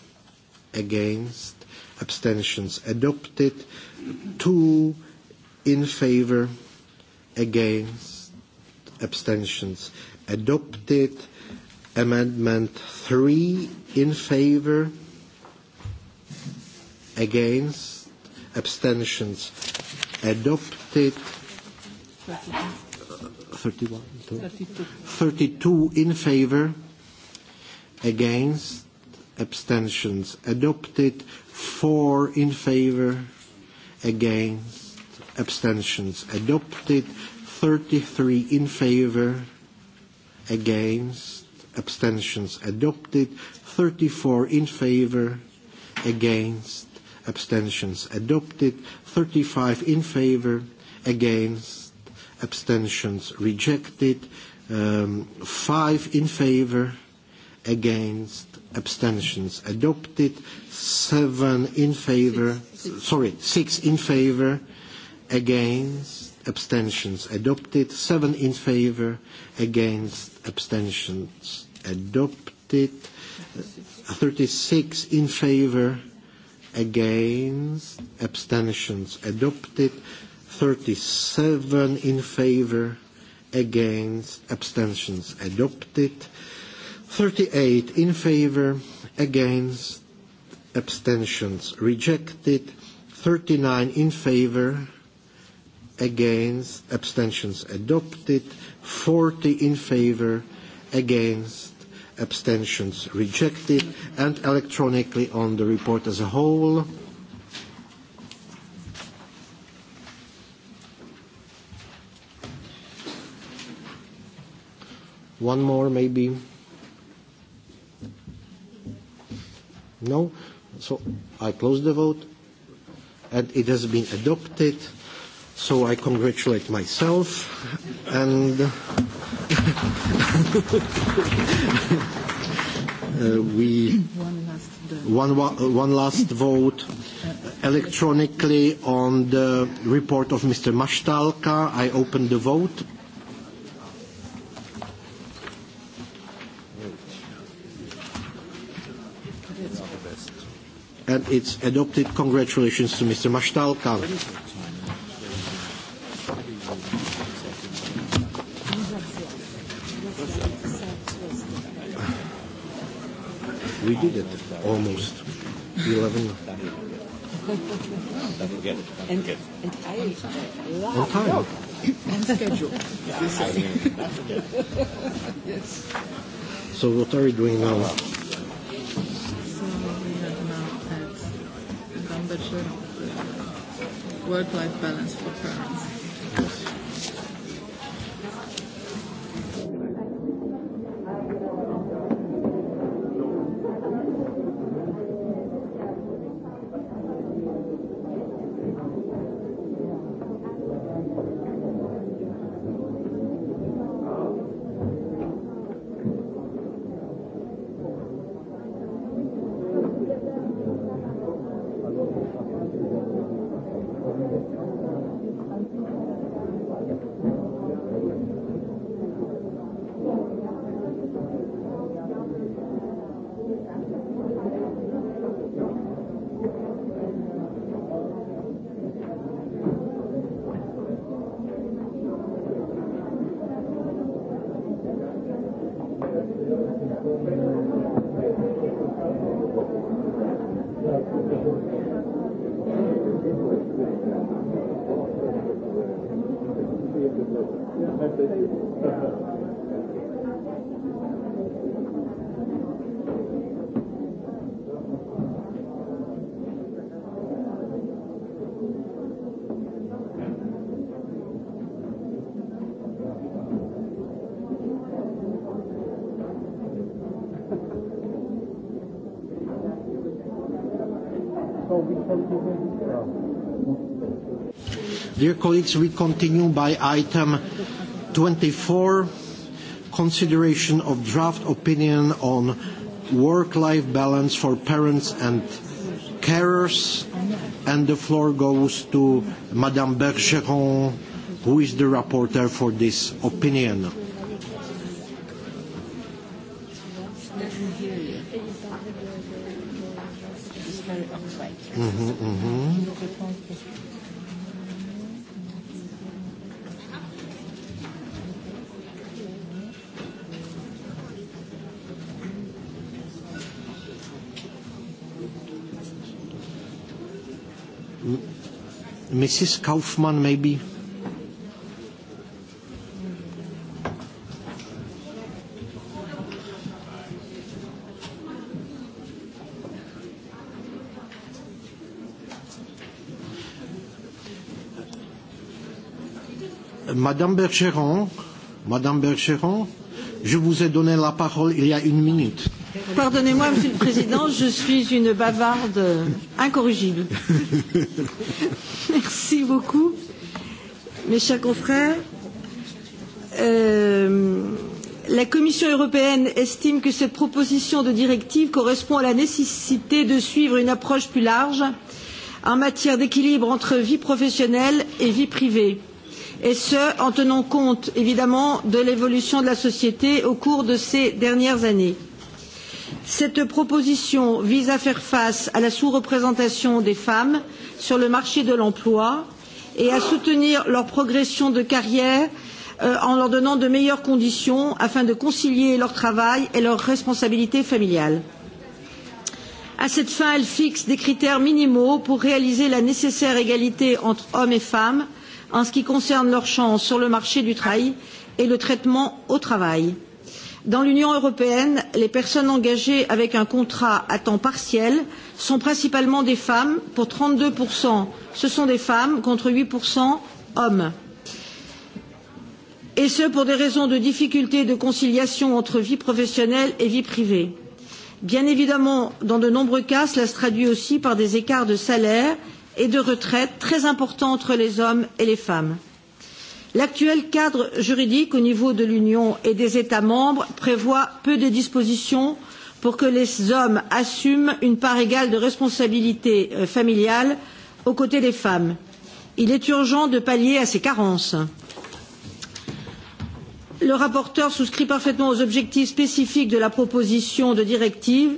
against, abstentions adopted, 2 in favor, against, abstentions adopted, amendment 3 in favor, against, abstentions adopted. Thank you. 31? 32. 32 in favor, against, abstentions adopted. 4 in favor, against, abstentions adopted. 33 in favor, against, abstentions adopted. 34 in favor, against, abstentions adopted. 35 in favor, against, abstentions rejected. Um, five in favor, against, abstentions adopted. Seven in favor, six, six. sorry, six in favor, against, abstentions adopted. Seven in favor, against, abstentions adopted. Uh, 36 in favor, against, abstentions adopted. 37 in favor, against, abstentions adopted. 38 in favor, against, abstentions rejected. 39 in favor, against, abstentions adopted. 40 in favor, against, abstentions rejected. And electronically on the report as a whole. One more, maybe? No? So I close the vote, and it has been adopted. So I congratulate myself, and uh, we- One last vote. One, uh, one last vote electronically on the report of Mr. Maštalka. I open the vote. and it's adopted. Congratulations to Mr. Mashtalka. We did it almost. 11. Don't forget it. Don't and, forget it. And I, wow. On time. No. On schedule. yeah, I mean, yes. So what are we doing now? good work-life balance for parents. Dear colleagues, we continue by item 24, consideration of draft opinion on work-life balance for parents and carers. And the floor goes to Madame Bergeron, who is the rapporteur for this opinion. Mm-hmm, mm-hmm. Mrs. Kaufmann, maybe? Madame Bergeron, Madame Bergeron, je vous ai donné la parole il y a une minute. Pardonnez-moi, Monsieur le Président, je suis une bavarde incorrigible. Merci beaucoup, mes chers confrères. Euh, la Commission européenne estime que cette proposition de directive correspond à la nécessité de suivre une approche plus large en matière d'équilibre entre vie professionnelle et vie privée et ce en tenant compte évidemment de l'évolution de la société au cours de ces dernières années. Cette proposition vise à faire face à la sous-représentation des femmes sur le marché de l'emploi et à soutenir leur progression de carrière euh, en leur donnant de meilleures conditions afin de concilier leur travail et leurs responsabilités familiales. À cette fin, elle fixe des critères minimaux pour réaliser la nécessaire égalité entre hommes et femmes en ce qui concerne leurs chances sur le marché du travail et le traitement au travail. Euh, Dans l'Union européenne, les personnes engagées avec un contrat à temps partiel sont principalement des femmes, pour 32%. Ce sont des femmes contre 8% hommes. Et ce, pour des raisons de difficultés de conciliation entre vie professionnelle et vie privée. Bien évidemment, dans de nombreux cas, cela se traduit aussi par des écarts de salaire et de retraite très importants entre les hommes et les femmes. L'actuel cadre juridique au niveau de l'Union et des États membres prévoit peu de dispositions pour que les hommes assument une part égale de responsabilité euh, familiale aux côtés des femmes. Il est urgent de pallier à ces carences. Le rapporteur souscrit parfaitement aux objectifs spécifiques de la proposition de directive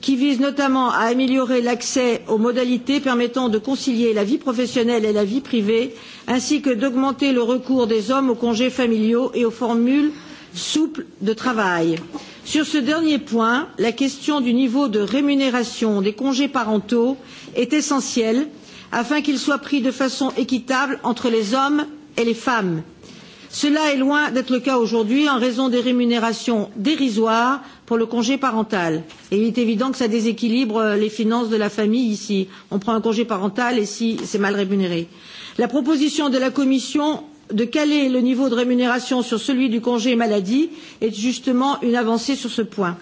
qui vise notamment à améliorer l'accès aux modalités permettant de concilier la vie professionnelle et la vie privée, ainsi que d'augmenter le recours des hommes aux congés familiaux et aux formules souples de travail. Sur ce dernier point, la question du niveau de rémunération des congés parentaux est essentielle afin qu'ils soient pris de façon équitable entre les hommes et les femmes. Cela est loin d'être le cas aujourd'hui en raison des rémunérations dérisoires pour le congé parental. Et il est évident que ça déséquilibre euh, les finances de la famille ici. On prend un congé parental et si c'est mal rémunéré. La proposition de la Commission de caler le niveau de rémunération sur celui du congé maladie est justement une avancée sur ce point.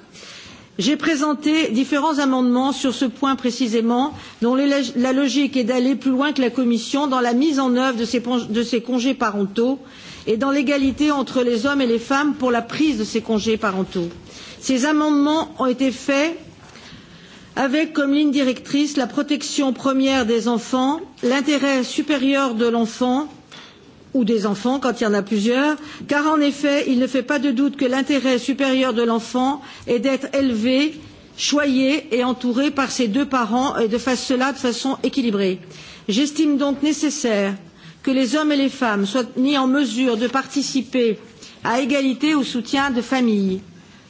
J'ai présenté différents amendements sur ce point précisément, dont la logique est d'aller plus loin que la Commission dans la mise en œuvre de ces, de ces congés parentaux et dans l'égalité entre les hommes et les femmes pour la prise de ces congés parentaux. Ces amendements ont été faits avec comme ligne directrice la protection première des enfants, l'intérêt supérieur de l'enfant ou des enfants quand il y en a plusieurs, car en effet, il ne fait pas de doute que l'intérêt supérieur de l'enfant est d'être élevé, choyé et entouré par ses deux parents et de faire cela de façon équilibrée. J'estime donc nécessaire que les hommes et les femmes soient mis en mesure de participer à égalité au soutien de familles.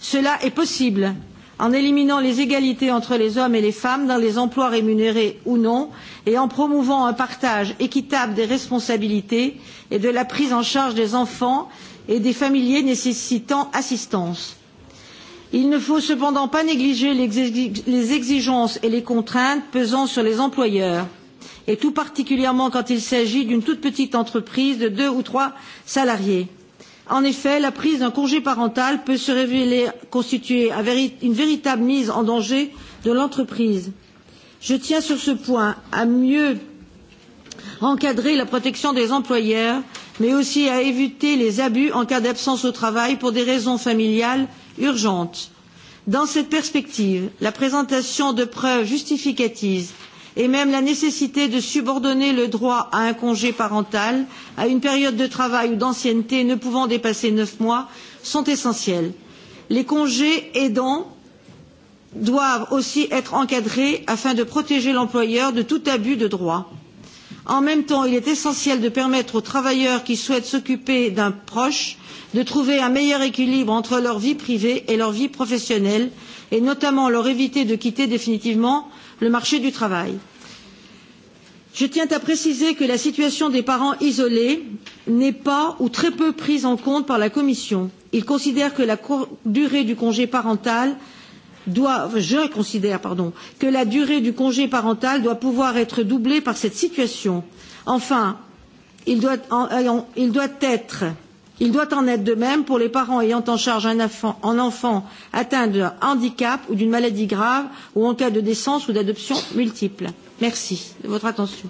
Cela est possible en éliminant les égalités entre les hommes et les femmes dans les emplois rémunérés ou non et en promouvant un partage équitable des responsabilités et de la prise en charge des enfants et des familiers nécessitant assistance. Il ne faut cependant pas négliger les exigences et les contraintes pesant sur les employeurs, et tout particulièrement quand il s'agit d'une toute petite entreprise de deux ou trois salariés. En effet, la prise d'un congé parental peut se révéler constituer une véritable mise en danger de l'entreprise. Je tiens sur ce point à mieux encadrer la protection des employeurs, mais aussi à éviter les abus en cas d'absence au travail pour des raisons familiales urgentes. Dans cette perspective, la présentation de preuves justificatives et même la nécessité de subordonner le droit à un congé parental à une période de travail ou d'ancienneté ne pouvant dépasser neuf mois sont essentielles. Les congés aidants doivent aussi être encadrés afin de protéger l'employeur de tout abus de droit. En même temps, il est essentiel de permettre aux travailleurs qui souhaitent s'occuper d'un proche de trouver un meilleur équilibre entre leur vie privée et leur vie professionnelle, et notamment leur éviter de quitter définitivement le marché du travail. Je tiens à préciser que la situation des parents isolés n'est pas ou très peu prise en compte par la Commission. Il considère que la durée du congé parental doit, je considère, pardon, que la durée du congé parental doit pouvoir être doublée par cette situation. Enfin, il doit, en, il doit être euh, Il doit en être de même pour les parents ayant en charge un enfant, un enfant atteint d'un handicap ou d'une maladie grave ou en cas de décence ou d'adoption multiple. Merci de votre attention.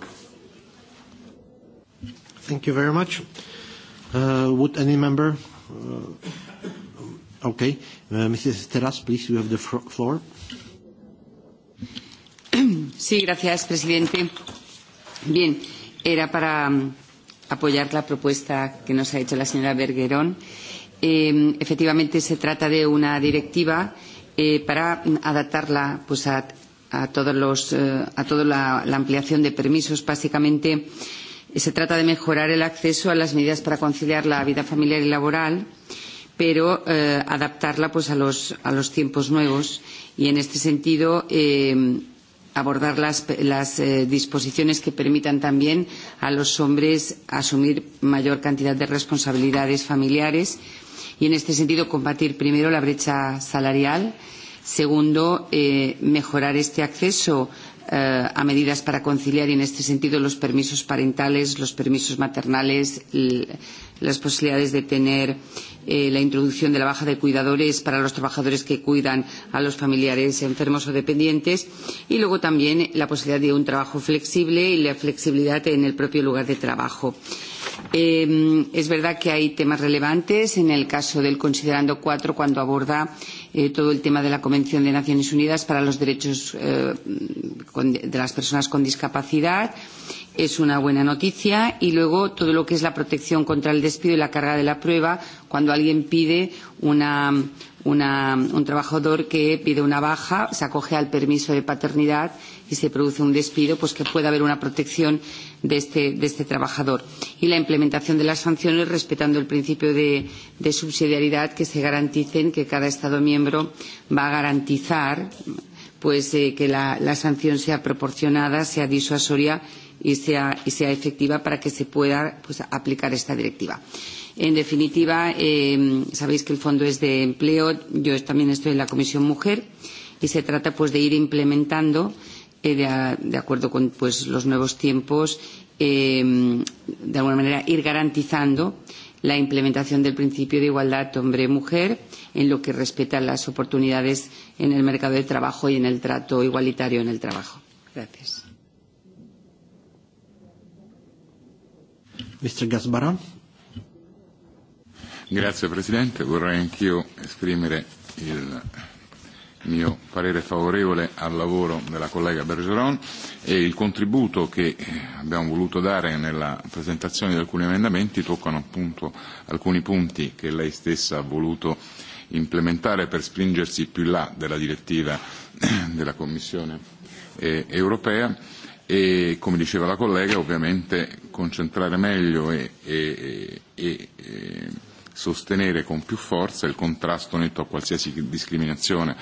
Thank you very much. Uh, would any member? Uh, okay. Uh, Mrs. Terras, please, you have the floor. Sí, gracias, presidente. Bien, era para. Um, apoyar la propuesta que nos ha hecho la señora Bergerón. Eh, efectivamente, se trata de una directiva eh, para adaptarla pues, a, a, todos los, eh, a toda la, la ampliación de permisos. Básicamente, eh, se trata de mejorar el acceso a las medidas para conciliar la vida familiar y laboral, pero eh, adaptarla pues, a, los, a los tiempos nuevos. Y en este sentido, eh, abordar las, las eh, disposiciones que permitan también a los hombres asumir mayor cantidad de responsabilidades familiares y, en este sentido, combatir primero la brecha salarial, segundo, eh, mejorar este acceso a eh, a medidas para conciliar y en este sentido los permisos parentales, los permisos maternales, las posibilidades de tener eh, la introducción de la baja de cuidadores para los trabajadores que cuidan a los familiares enfermos o dependientes y luego también la posibilidad de un trabajo flexible y la flexibilidad en el propio lugar de trabajo. Eh, Eh, es verdad que hay temas relevantes en el caso del considerando 4 cuando aborda eh, todo el tema de la Convención de Naciones Unidas para los derechos eh, con, de las personas con discapacidad. Es una buena noticia. Y luego todo lo que es la protección contra el despido y la carga de la prueba cuando alguien pide una, una, un trabajador que pide una baja, se acoge al permiso de paternidad y se produce un despido, pues que pueda haber una protección de este, de este trabajador. Y la implementación de las sanciones respetando el principio de, de subsidiariedad que se garanticen que cada Estado miembro va a garantizar pues, eh, que la, la sanción sea proporcionada, sea disuasoria y sea, y sea efectiva para que se pueda pues, aplicar esta directiva. En definitiva, eh, sabéis que el fondo es de empleo. Yo también estoy en la Comisión Mujer y se trata pues, de ir implementando eh, eh, de, de acuerdo con pues, los nuevos tiempos, eh, de alguna manera ir garantizando la implementación del principio de igualdad hombre-mujer en lo que respecta a las oportunidades en el mercado de trabajo y en el trato igualitario en el trabajo. Gracias. Mr. Gasbaran. Grazie Presidente, vorrei anch'io esprimere il mio parere favorevole al lavoro della collega Bergeron e il contributo che eh, abbiamo voluto dare nella presentazione di alcuni emendamenti toccano appunto alcuni punti che lei stessa ha voluto implementare per spingersi più in là della direttiva eh, della Commissione eh, europea e, come diceva la collega, ovviamente concentrare meglio e, e, e, e, e sostenere con più forza il contrasto netto a qualsiasi discriminazione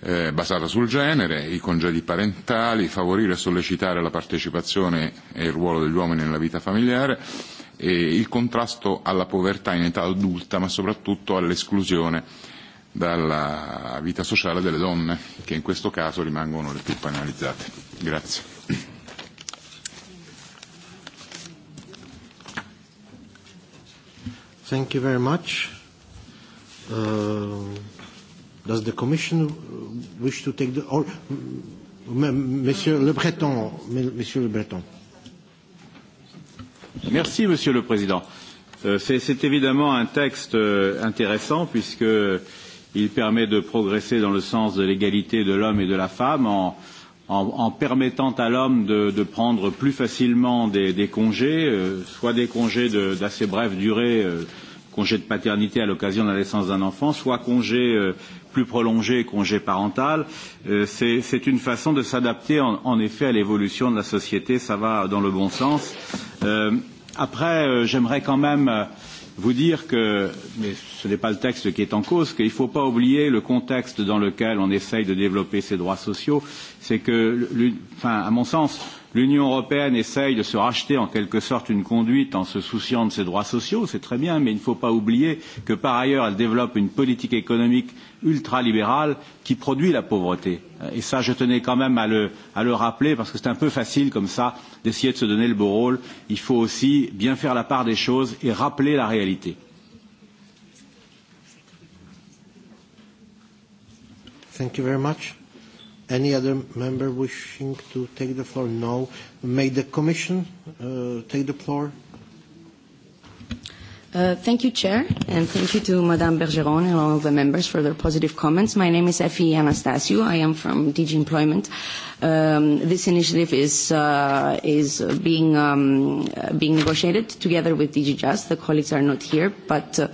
eh, basata sul genere, i congedi parentali, favorire e sollecitare la partecipazione e il ruolo degli uomini nella vita familiare e il contrasto alla povertà in età adulta, ma soprattutto all'esclusione dalla vita sociale delle donne, che in questo caso rimangono le più penalizzate. Grazie. Thank you very much. Um, uh... Does the Commission uh, wish to take the... Or, mm, mm, mm, Monsieur Le Breton. Monsieur Le Breton. Merci, Monsieur le Président. Euh, c'est évidemment un texte euh, intéressant puisqu'il permet de progresser dans le sens de l'égalité de l'homme et de la femme en, en, en permettant à l'homme de, de prendre plus facilement des, des congés, euh, soit des congés d'assez de, brève durée, euh, congés de paternité à l'occasion de la naissance d'un enfant, soit congés euh, plus prolongé congé parental. Euh, C'est une façon de s'adapter en, en effet à l'évolution de la société, ça va dans le bon sens. Euh, après, euh, j'aimerais quand même euh, vous dire que, mais ce n'est pas le texte qui est en cause, qu'il ne faut pas oublier le contexte dans lequel on essaye de développer ces droits sociaux. C'est que, enfin, à mon sens, L'Union européenne essaye de se racheter en quelque sorte une conduite en se souciant de ses droits sociaux, c'est très bien, mais il ne faut pas oublier que par ailleurs elle développe une politique économique ultralibérale qui produit la pauvreté. Et ça, je tenais quand même à le, à le rappeler parce que c'est un peu facile comme ça d'essayer de se donner le beau rôle. Il faut aussi bien faire la part des choses et rappeler la réalité. Thank you very much. Any other member wishing to take the floor? No. May the Commission uh, take the floor? Uh, thank you, Chair, and thank you to Madame Bergeron and all the members for their positive comments. My name is Effie Anastasiou. I am from DG Employment. Um, this initiative is, uh, is being, um, being negotiated together with DG Just. The colleagues are not here, but uh,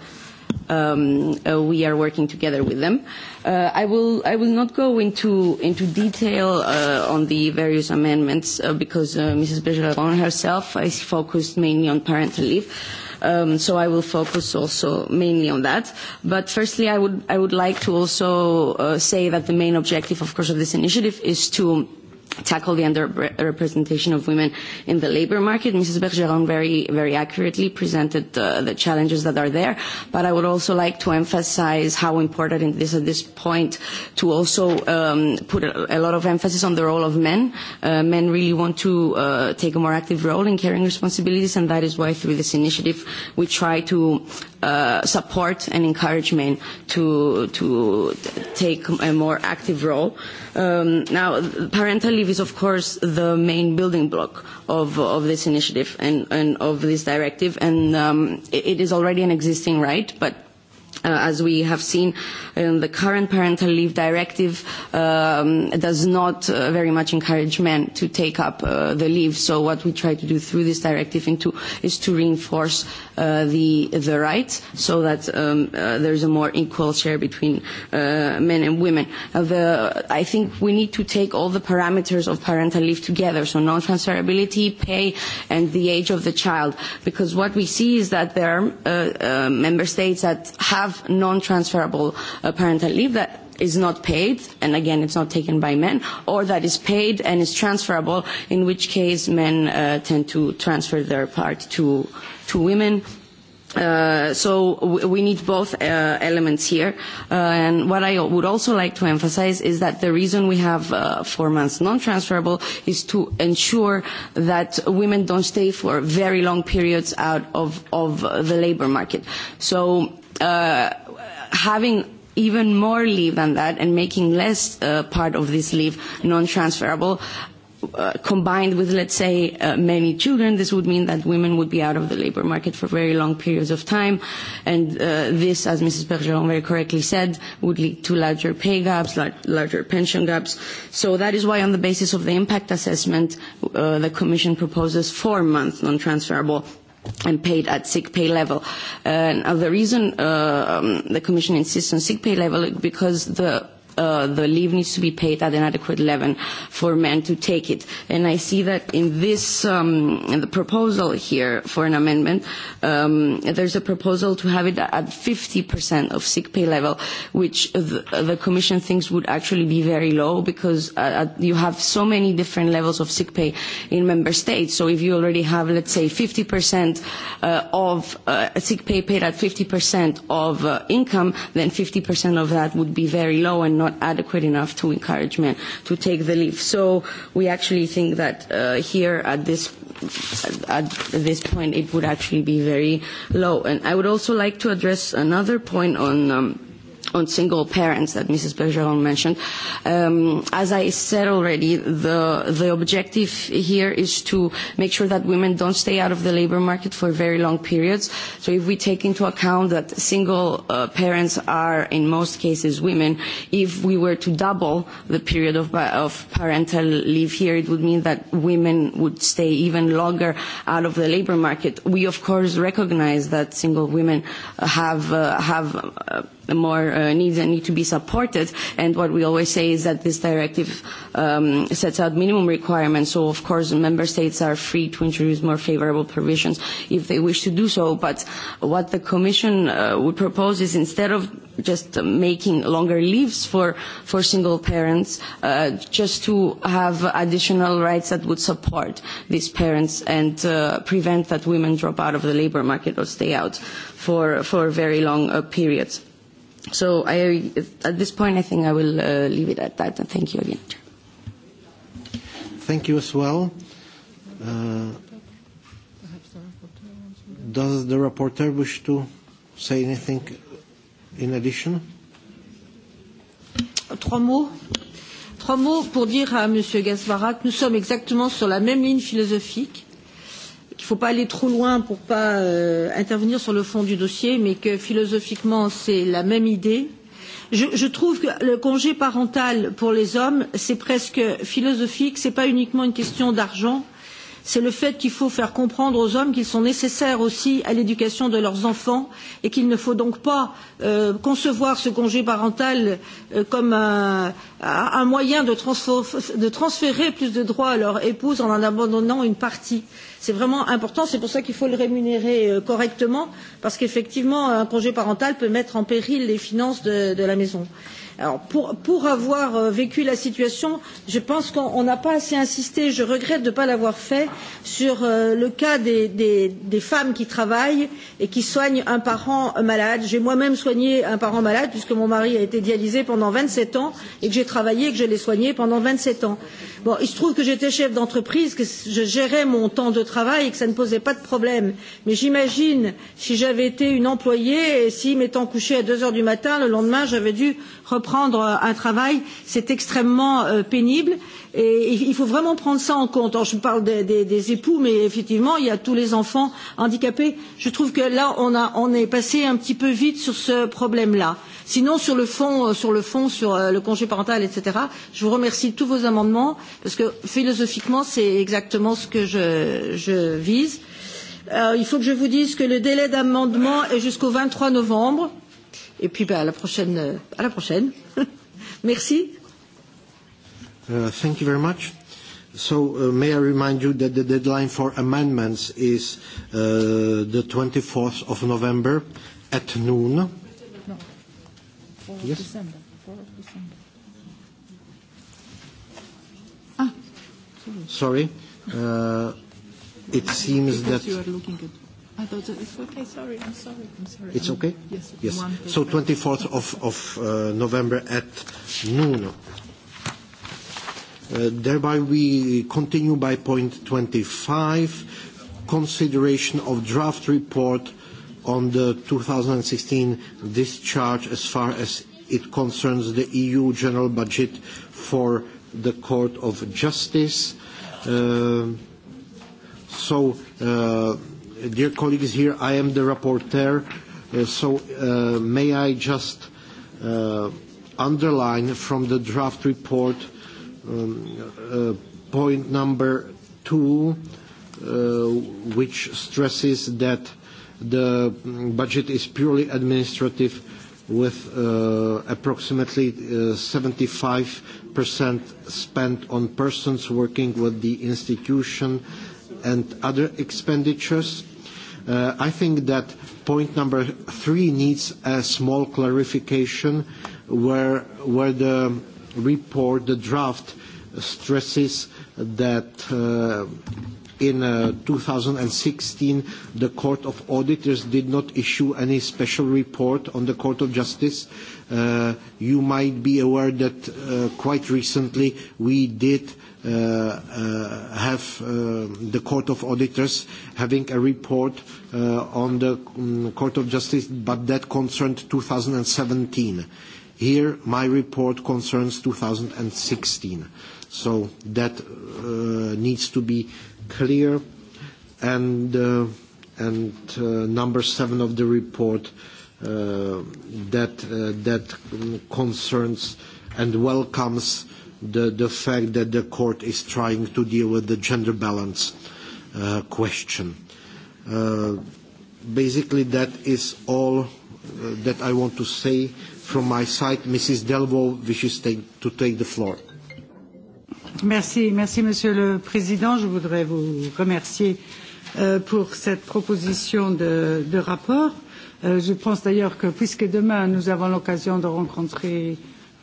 um, uh, we are working together with them. Uh, Uh, I will I will not go into into detail uh, on the various amendments uh, because uh, Mrs. Bergeron herself is focused mainly on parental leave. Um, so I will focus also mainly on that. But firstly, I would I would like to also uh, say that the main objective, of course, of this initiative is to tackle the underrepresentation of women in the labor market. Mrs. Bergeron very, very accurately presented uh, the challenges that are there, but I would also like to emphasize how important it is at this point to also um, put a, a lot of emphasis on the role of men. Uh, men really want to uh, take a more active role in carrying responsibilities, and that is why through this initiative we try to uh, support and encouragement to, to take a more active role. Um, now, parental leave is, of course, the main building block of, of this initiative and, and of this directive, and um, it, it is already an existing right, but Uh, as we have seen, um, the current parental leave directive um, does not uh, very much encourage men to take up uh, the leave. So what we try to do through this directive into, is to reinforce uh, the, the rights so that um, uh, there's a more equal share between uh, men and women. Uh, the, I think we need to take all the parameters of parental leave together, so non-transferability, pay, and the age of the child, because what we see is that there are uh, uh, member states that have have non-transferable uh, parental leave that is not paid, and again, it's not taken by men, or that is paid and is transferable, in which case men uh, tend to transfer their part to, to women. Uh, so w- we need both uh, elements here. Uh, and what I would also like to emphasize is that the reason we have uh, four months non-transferable is to ensure that women don't stay for very long periods out of, of the labor market. So uh, having even more leave than that and making less uh, part of this leave non-transferable, uh, combined with, let's say, uh, many children, this would mean that women would be out of the labor market for very long periods of time. And uh, this, as Mrs. Bergeron very correctly said, would lead to larger pay gaps, lar- larger pension gaps. So that is why, on the basis of the impact assessment, uh, the Commission proposes four-month non-transferable and paid at sick pay level. Uh, now the reason uh, um, the Commission insists on sick pay level is because the uh, the leave needs to be paid at an adequate level for men to take it. And I see that in this, um, in the proposal here for an amendment, um, there's a proposal to have it at 50% of sick pay level, which the, the Commission thinks would actually be very low because uh, uh, you have so many different levels of sick pay in member states. So if you already have, let's say, 50% uh, of uh, sick pay paid at 50% of uh, income, then 50% of that would be very low and not not adequate enough to encourage men to take the leap. So we actually think that uh, here at this at this point it would actually be very low. And I would also like to address another point on. Um, on single parents that Mrs. Bergeron mentioned. Um, as I said already, the, the objective here is to make sure that women don't stay out of the labor market for very long periods. So if we take into account that single uh, parents are in most cases women, if we were to double the period of, of parental leave here, it would mean that women would stay even longer out of the labor market. We of course recognize that single women have, uh, have uh, more uh, needs and need to be supported. And what we always say is that this directive um, sets out minimum requirements. So, of course, member states are free to introduce more favorable provisions if they wish to do so. But what the Commission uh, would propose is instead of just making longer leaves for, for single parents, uh, just to have additional rights that would support these parents and uh, prevent that women drop out of the labor market or stay out for, for very long uh, periods. So I, at this point, I think I will uh, leave it at that. And thank you again. Thank you as well. Uh, does the rapporteur wish to say anything in addition? Uh, trois mots. Trois mots pour dire à Monsieur Gasvarat que nous sommes exactement sur la même ligne philosophique ne faut pas aller trop loin pour ne pas euh, intervenir sur le fond du dossier, mais que philosophiquement, c'est la même idée. Je, je trouve que le congé parental pour les hommes, c'est presque philosophique, ce n'est pas uniquement une question d'argent, c'est le fait qu'il faut faire comprendre aux hommes qu'ils sont nécessaires aussi à l'éducation de leurs enfants et qu'il ne faut donc pas euh, concevoir ce congé parental euh, comme un, un moyen de, de transférer plus de droits à leur épouse en en abandonnant une partie. C'est vraiment important, c'est pour ça qu'il faut le rémunérer euh, correctement, parce qu'effectivement, un congé parental peut mettre en péril les finances de, de la maison. Euh, Alors, pour, pour avoir euh, vécu la situation, je pense qu'on n'a pas assez insisté, je regrette de ne pas l'avoir fait, sur euh, le cas des, des, des femmes qui travaillent et qui soignent un parent malade. J'ai moi-même soigné un parent malade puisque mon mari a été dialysé pendant 27 ans et que j'ai travaillé et que je l'ai soigné pendant 27 ans. Euh, Bon, il se trouve que j'étais chef d'entreprise, que je gérais mon temps de travail et que ça ne posait pas de problème. Mais j'imagine si j'avais été une employée et si m'étant couchée à 2 heures du matin, le lendemain, j'avais dû reprendre euh, un travail, c'est extrêmement euh, pénible. Et il faut vraiment prendre ça en compte. Alors, je parle des, des, des époux, mais effectivement, il y a tous les enfants handicapés. Je trouve que là, on, a, on est passé un petit peu vite sur ce problème-là. Sinon, sur le fond, euh, sur le, fond, sur euh, le congé parental, etc., je vous remercie de tous vos amendements, parce que philosophiquement, c'est exactement ce que je, je vise. Euh, il faut que je vous dise que le délai d'amendement est jusqu'au 23 novembre. Et puis, ben, à la prochaine. Euh, à la prochaine. Merci. Uh, thank you very much. So, uh, may I remind you that the deadline for amendments is uh, the 24th of November at noon 4 yes. of December. 4 of December. Ah, sorry. sorry. Uh, it seems because that you are looking at. I thought that it's okay. Sorry, I'm sorry. I'm sorry. It's I'm, okay. Yes. Yes. So 24th of of uh, November at noon. Uh, thereby, we continue by point 25, consideration of draft report on the 2016 discharge as far as it concerns the EU general budget for the Court of Justice. Uh, so, uh, dear colleagues, here I am the rapporteur. Uh, so, uh, may I just uh, underline from the draft report um, uh, point number two, uh, which stresses that uh, the budget is purely administrative with uh, approximately uh, 75% spent on persons working with the institution and other expenditures. Uh, I think that point number three needs a small clarification where, where the report, the draft, stresses that uh, in uh, 2016, the Court of Auditors did not issue any special report on the Court of Justice. Uh, you might be aware that uh, quite recently we did uh, uh, have uh, the Court of Auditors having a report uh, on the um, Court of Justice, but that concerned 2017. Here, my report concerns 2016. So that uh, needs to be uh, clear. And, uh, and uh, number seven of the report uh, that, uh, that concerns and welcomes the, the fact that the court is trying to deal with the gender balance uh, question. Uh, basically, that is all uh, that I want to say from my side. Mrs. Delvaux wishes take, to take the floor. Merci, merci Monsieur le Président. Je voudrais vous remercier euh, pour cette proposition de, de rapport. Euh, je pense d'ailleurs que puisque demain nous avons l'occasion de rencontrer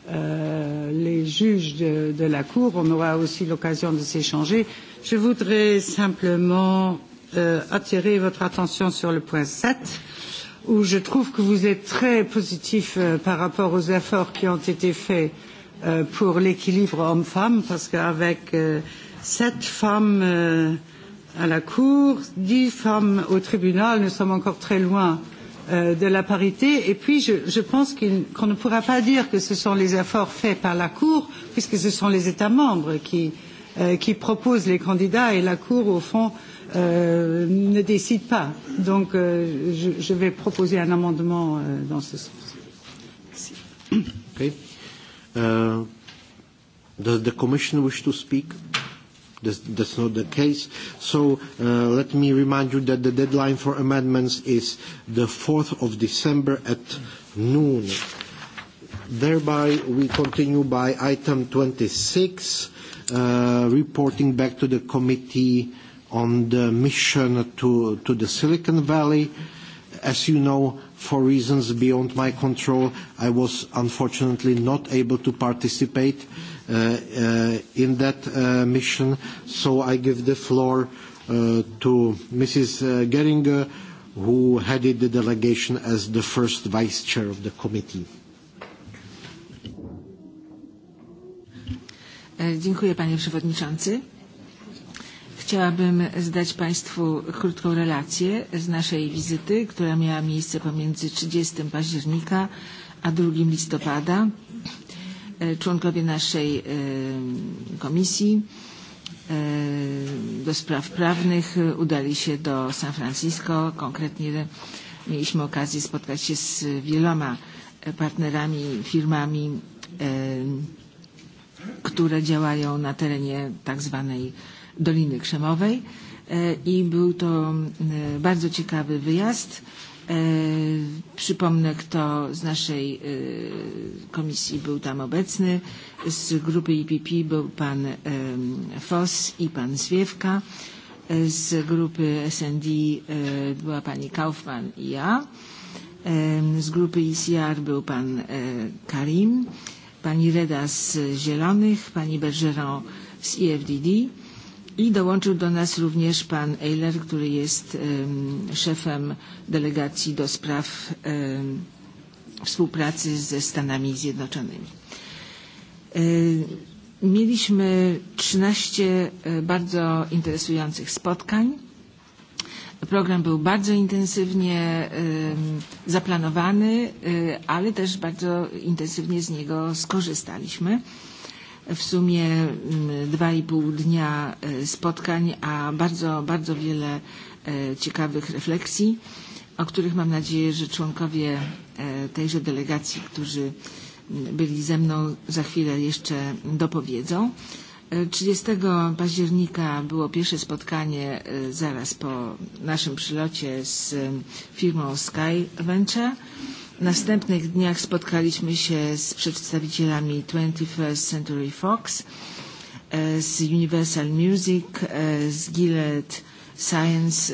euh, les juges de, de la Cour, on aura aussi l'occasion de s'échanger. Je voudrais simplement euh, attirer votre attention sur le point 7 où je trouve que vous êtes très positif euh, par rapport aux efforts qui ont été faits euh, euh, pour l'équilibre homme-femme, parce qu'avec euh, sept femmes euh, à la Cour, dix femmes au tribunal, nous sommes encore très loin euh, de la parité. Et puis, je, je pense qu'on qu ne pourra pas dire que ce sont les efforts faits par la Cour, puisque ce sont les États membres qui, euh, qui proposent les candidats et la Cour, au fond, euh, ne décide pas. Donc, euh, je, je vais proposer un amendement euh, dans ce sens. Merci. Okay. Uh, does the Commission wish to speak? That's, that's not the case. So uh, let me remind you that the deadline for amendments is the 4th of December at noon. Thereby, we continue by item 26, uh, reporting back to the committee on the mission to, to the Silicon Valley. As you know, for reasons beyond my control, I was unfortunately not able to participate uh, uh, in that uh, mission. So I give the floor uh, to Mrs. Uh, Geringer, who headed the delegation as the first vice chair of the committee. E, dziękuję, panie przewodniczący. Chciałabym zdać Państwu krótką relację z naszej wizyty, która miała miejsce pomiędzy 30 października a 2 listopada. E, członkowie naszej e, komisji e, do spraw prawnych udali się do San Francisco. Konkretnie mieliśmy okazję spotkać się z wieloma partnerami, firmami, które działają na terenie tak zwanej Doliny Krzemowej e, i był to e, bardzo ciekawy wyjazd. E, przypomnę, kto z naszej komisji był tam obecny. Z grupy IPP był pan Foss i pan Zwiewka. Z grupy SND była pani Kaufmann i ja. Z grupy ICR był pan Karim, pani Reda z Zielonych, pani Bergeron z EFDD I dołączył do nas również pan Eiler, który jest um, szefem delegacji do spraw um, współpracy ze Stanami Zjednoczonymi. Mieliśmy 13 e, bardzo interesujących spotkań. Program był bardzo intensywnie zaplanowany, e, ale też bardzo intensywnie z niego skorzystaliśmy w sumie mm, dwa i pół dnia e, spotkań, a bardzo, bardzo wiele e, ciekawych refleksji, o których mam nadzieję, że członkowie e, tejże delegacji, którzy mm, byli ze mną za chwilę jeszcze dopowiedzą. 30 października było pierwsze spotkanie zaraz po naszym przylocie z mm, firmą Sky Venture następnych dniach spotkaliśmy się z przedstawicielami 21st Century Fox, e, z Universal Music, e, z Gillette Science,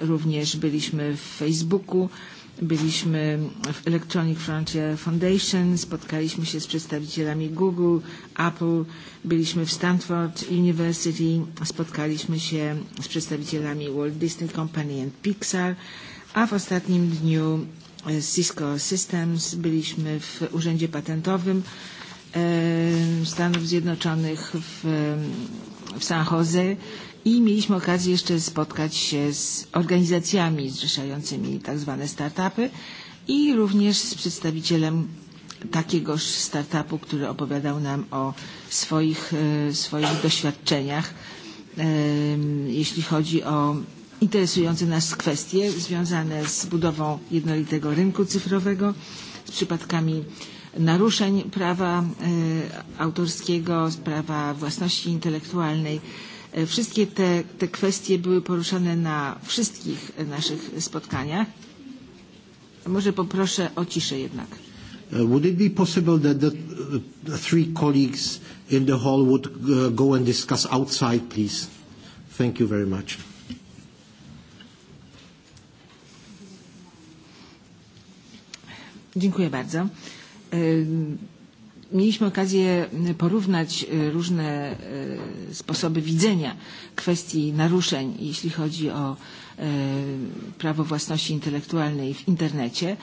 również byliśmy w Facebooku, byliśmy w Electronic Frontier Foundation, spotkaliśmy się z przedstawicielami Google, Apple, byliśmy w Stanford University, spotkaliśmy się z przedstawicielami Walt Disney Company and Pixar, a w ostatnim dniu Cisco Systems, byliśmy w Urzędzie Patentowym Stanów Zjednoczonych w, w San Jose i mieliśmy okazję jeszcze spotkać się z organizacjami zrzeszającymi tak zwane startupy i również z przedstawicielem takiegoż startupu, który opowiadał nam o swoich, swoich doświadczeniach, jeśli chodzi o interesujące nas kwestie związane z budową jednolitego rynku cyfrowego, z przypadkami naruszeń prawa y, e, autorskiego, prawa własności intelektualnej. E, wszystkie te, te kwestie były poruszane na wszystkich naszych spotkaniach. Może poproszę o ciszę jednak. Uh, would it be possible that the uh, three colleagues in the hall would uh, go and discuss outside, please? Thank you very much. Dziękuję bardzo. E, mieliśmy okazję porównać e, różne e, sposoby widzenia kwestii naruszeń, jeśli chodzi o prawo własności intelektualnej w internecie.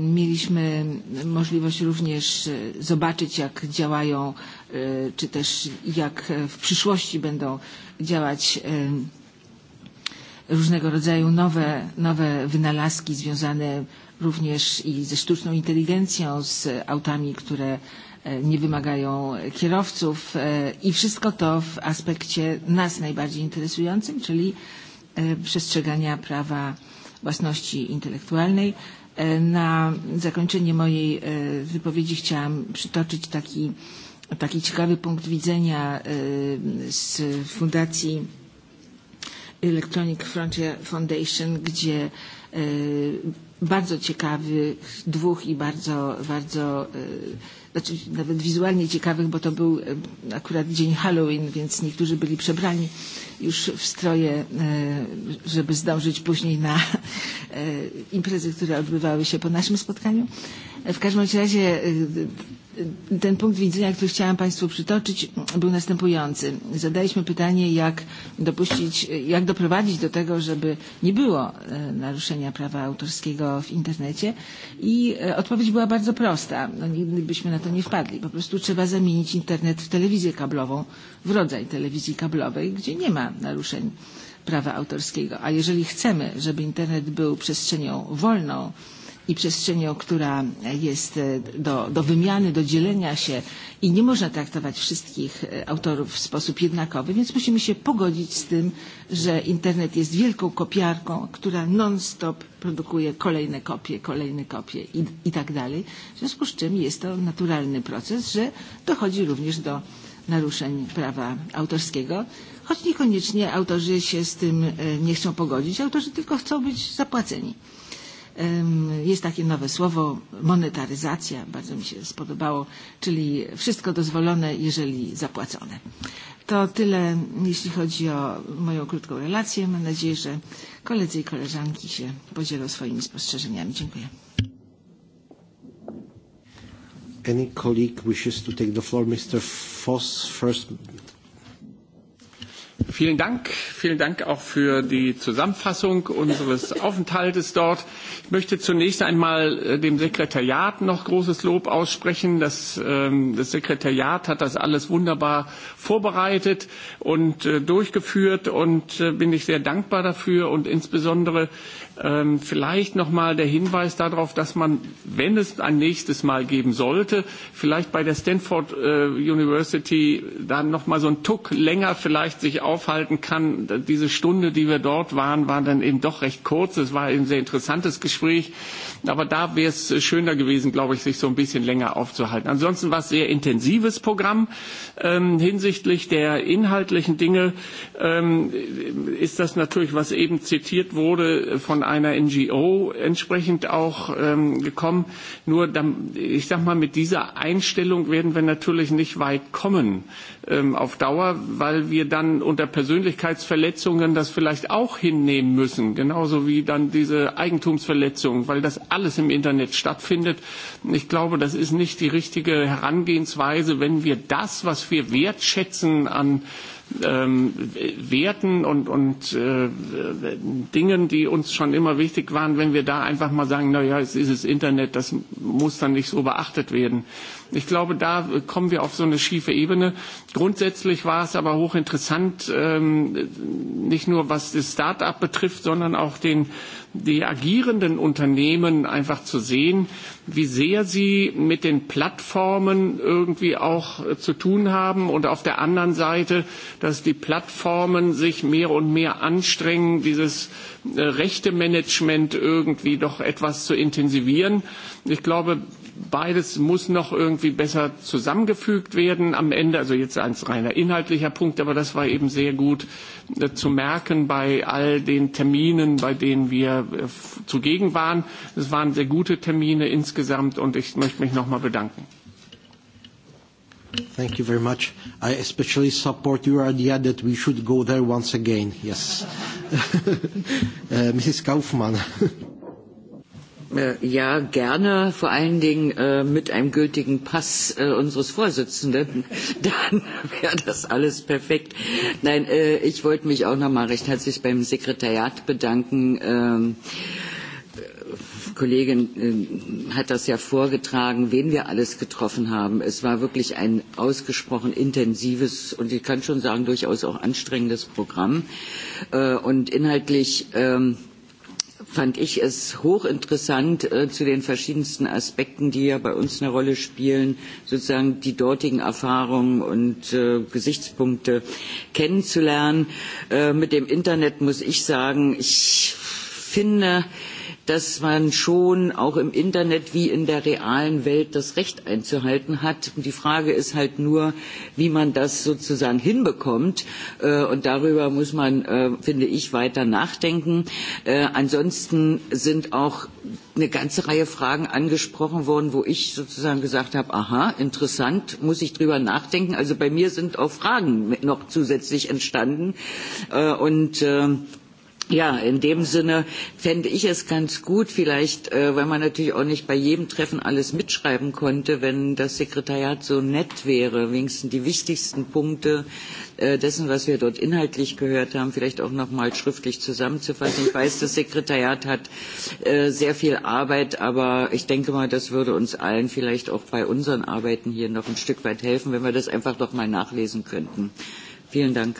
Mieliśmy możliwość również zobaczyć, jak działają, czy też jak w przyszłości będą działać różnego rodzaju nowe, nowe wynalazki związane również i ze sztuczną inteligencją, z autami, które e, nie wymagają kierowców e, i wszystko to w aspekcie nas najbardziej interesującym, czyli e, przestrzegania prawa własności intelektualnej. Na zakończenie mojej wypowiedzi chciałam przytoczyć taki, taki ciekawy punkt widzenia z Fundacji Electronic Frontier Foundation, gdzie e, bardzo ciekawych dwóch i bardzo, bardzo e, znaczy nawet wizualnie ciekawych, bo to był e, akurat dzień Halloween, więc niektórzy byli przebrani już w stroje, żeby zdążyć później na imprezy, które odbywały się po naszym spotkaniu. W każdym razie ten punkt widzenia, który chciałam Państwu przytoczyć, był następujący. Zadaliśmy pytanie, jak dopuścić, jak doprowadzić do tego, żeby nie było e, naruszenia prawa autorskiego w internecie i e, odpowiedź była bardzo prosta. No, nigdy byśmy na to nie wpadli. Po prostu trzeba zamienić internet w telewizję kablową, w rodzaj telewizji kablowej, gdzie nie ma naruszeń prawa autorskiego. A jeżeli chcemy, żeby internet był przestrzenią wolną, i przestrzenią, która jest e, do, do wymiany, do dzielenia się i nie można traktować wszystkich e, autorów w sposób jednakowy, więc musimy się pogodzić z tym, że internet jest wielką kopiarką, która non-stop produkuje kolejne kopie, kolejne kopie i, i tak dalej. W związku z czym jest to naturalny proces, że dochodzi również do naruszeń prawa autorskiego, choć niekoniecznie autorzy się z tym e, nie chcą pogodzić, autorzy tylko chcą być zapłaceni. Jest takie nowe słowo monetaryzacja, bardzo mi się spodobało, czyli wszystko dozwolone, jeżeli zapłacone. To tyle, jeśli chodzi o moją krótką relację. Mam nadzieję, że koledzy i koleżanki się podzielą swoimi spostrzeżeniami. Dziękuję. Any colleague wishes to take the floor? Mr. Foss first, Vielen Dank. Vielen Dank auch für die Zusammenfassung unseres Aufenthaltes dort. Ich möchte zunächst einmal äh, dem Sekretariat noch großes Lob aussprechen. Das, ähm, das Sekretariat hat das alles wunderbar vorbereitet und äh, durchgeführt und äh, bin ich sehr dankbar dafür und insbesondere ähm, vielleicht nochmal der Hinweis darauf, dass man, wenn es ein nächstes Mal geben sollte, vielleicht bei der Stanford University dann nochmal so einen Tuck länger vielleicht sich auf aufhalten kann. Diese Stunde, die wir dort waren, war dann eben doch recht kurz. Es war eben ein sehr interessantes Gespräch. Aber da wäre es schöner gewesen, glaube ich, sich so ein bisschen länger aufzuhalten. Ansonsten war es sehr intensives Programm. Ähm, hinsichtlich der inhaltlichen Dinge ähm, ist das natürlich, was eben zitiert wurde, von einer NGO entsprechend auch ähm, gekommen. Nur, dann, ich sag mal, mit dieser Einstellung werden wir natürlich nicht weit kommen. Äh, ähm, auf Dauer, weil wir dann unter Persönlichkeitsverletzungen das vielleicht auch hinnehmen müssen, genauso wie dann diese Eigentumsverletzungen, weil das alles im Internet stattfindet. Ich glaube, das ist nicht die richtige Herangehensweise, wenn wir das, was wir wertschätzen an ähm, Werten und, und äh, Dingen, die uns schon immer wichtig waren, wenn wir da einfach mal sagen, naja, es ist das Internet, das muss dann nicht so beachtet werden. Äh, Ich glaube, da kommen wir auf so eine schiefe Ebene. Grundsätzlich war es aber hochinteressant, ähm, nicht nur was das Start-up betrifft, sondern auch den, die agierenden Unternehmen einfach zu sehen, wie sehr sie mit den Plattformen irgendwie auch äh, zu tun haben und auf der anderen Seite, dass die Plattformen sich mehr und mehr anstrengen, dieses äh, Rechtemanagement irgendwie doch etwas zu intensivieren. Ich glaube, Beides muss noch irgendwie besser zusammengefügt werden am Ende. Also jetzt ein reiner inhaltlicher Punkt, aber das war eben sehr gut äh, zu merken bei all den Terminen, bei denen wir äh, zugegen waren. Es waren sehr gute Termine insgesamt und ich möchte mich nochmal bedanken. Thank you very much. I especially support your idea that we should go there once again. Yes. uh, Mrs. Kaufmann. Äh, ja, gerne, vor allen Dingen äh, mit einem gültigen Pass äh, unseres Vorsitzenden. Dann wäre das alles perfekt. Nein, äh, ich wollte mich auch nochmal recht herzlich beim Sekretariat bedanken. Ähm, Kollegin äh, hat das ja vorgetragen, wen wir alles getroffen haben. Es war wirklich ein ausgesprochen intensives und ich kann schon sagen, durchaus auch anstrengendes Programm. Äh, und inhaltlich ähm, fand ich es hochinteressant äh, zu den verschiedensten Aspekten, die ja bei uns eine Rolle spielen, sozusagen die dortigen Erfahrungen und äh, Gesichtspunkte kennenzulernen. Äh, mit dem Internet muss ich sagen, ich finde, äh, dass man schon auch im Internet wie in der realen Welt das Recht einzuhalten hat. Und die Frage ist halt nur, wie man das sozusagen hinbekommt. Äh, und darüber muss man, äh, finde ich, weiter nachdenken. Äh, ansonsten sind auch eine ganze Reihe Fragen angesprochen worden, wo ich sozusagen gesagt habe, aha, interessant, muss ich drüber nachdenken. Also bei mir sind auch Fragen noch zusätzlich entstanden. Und Ja, in dem Sinne fände ich es ganz gut, vielleicht, äh, weil man natürlich auch nicht bei jedem Treffen alles mitschreiben konnte, wenn das Sekretariat so nett wäre, wenigstens die wichtigsten Punkte äh, dessen, was wir dort inhaltlich gehört haben, vielleicht auch nochmal schriftlich zusammenzufassen. Ich weiß, das Sekretariat hat äh, sehr viel Arbeit, aber ich denke mal, das würde uns allen vielleicht auch bei unseren Arbeiten hier noch ein Stück weit helfen, wenn wir das einfach nochmal nachlesen könnten. Vielen Dank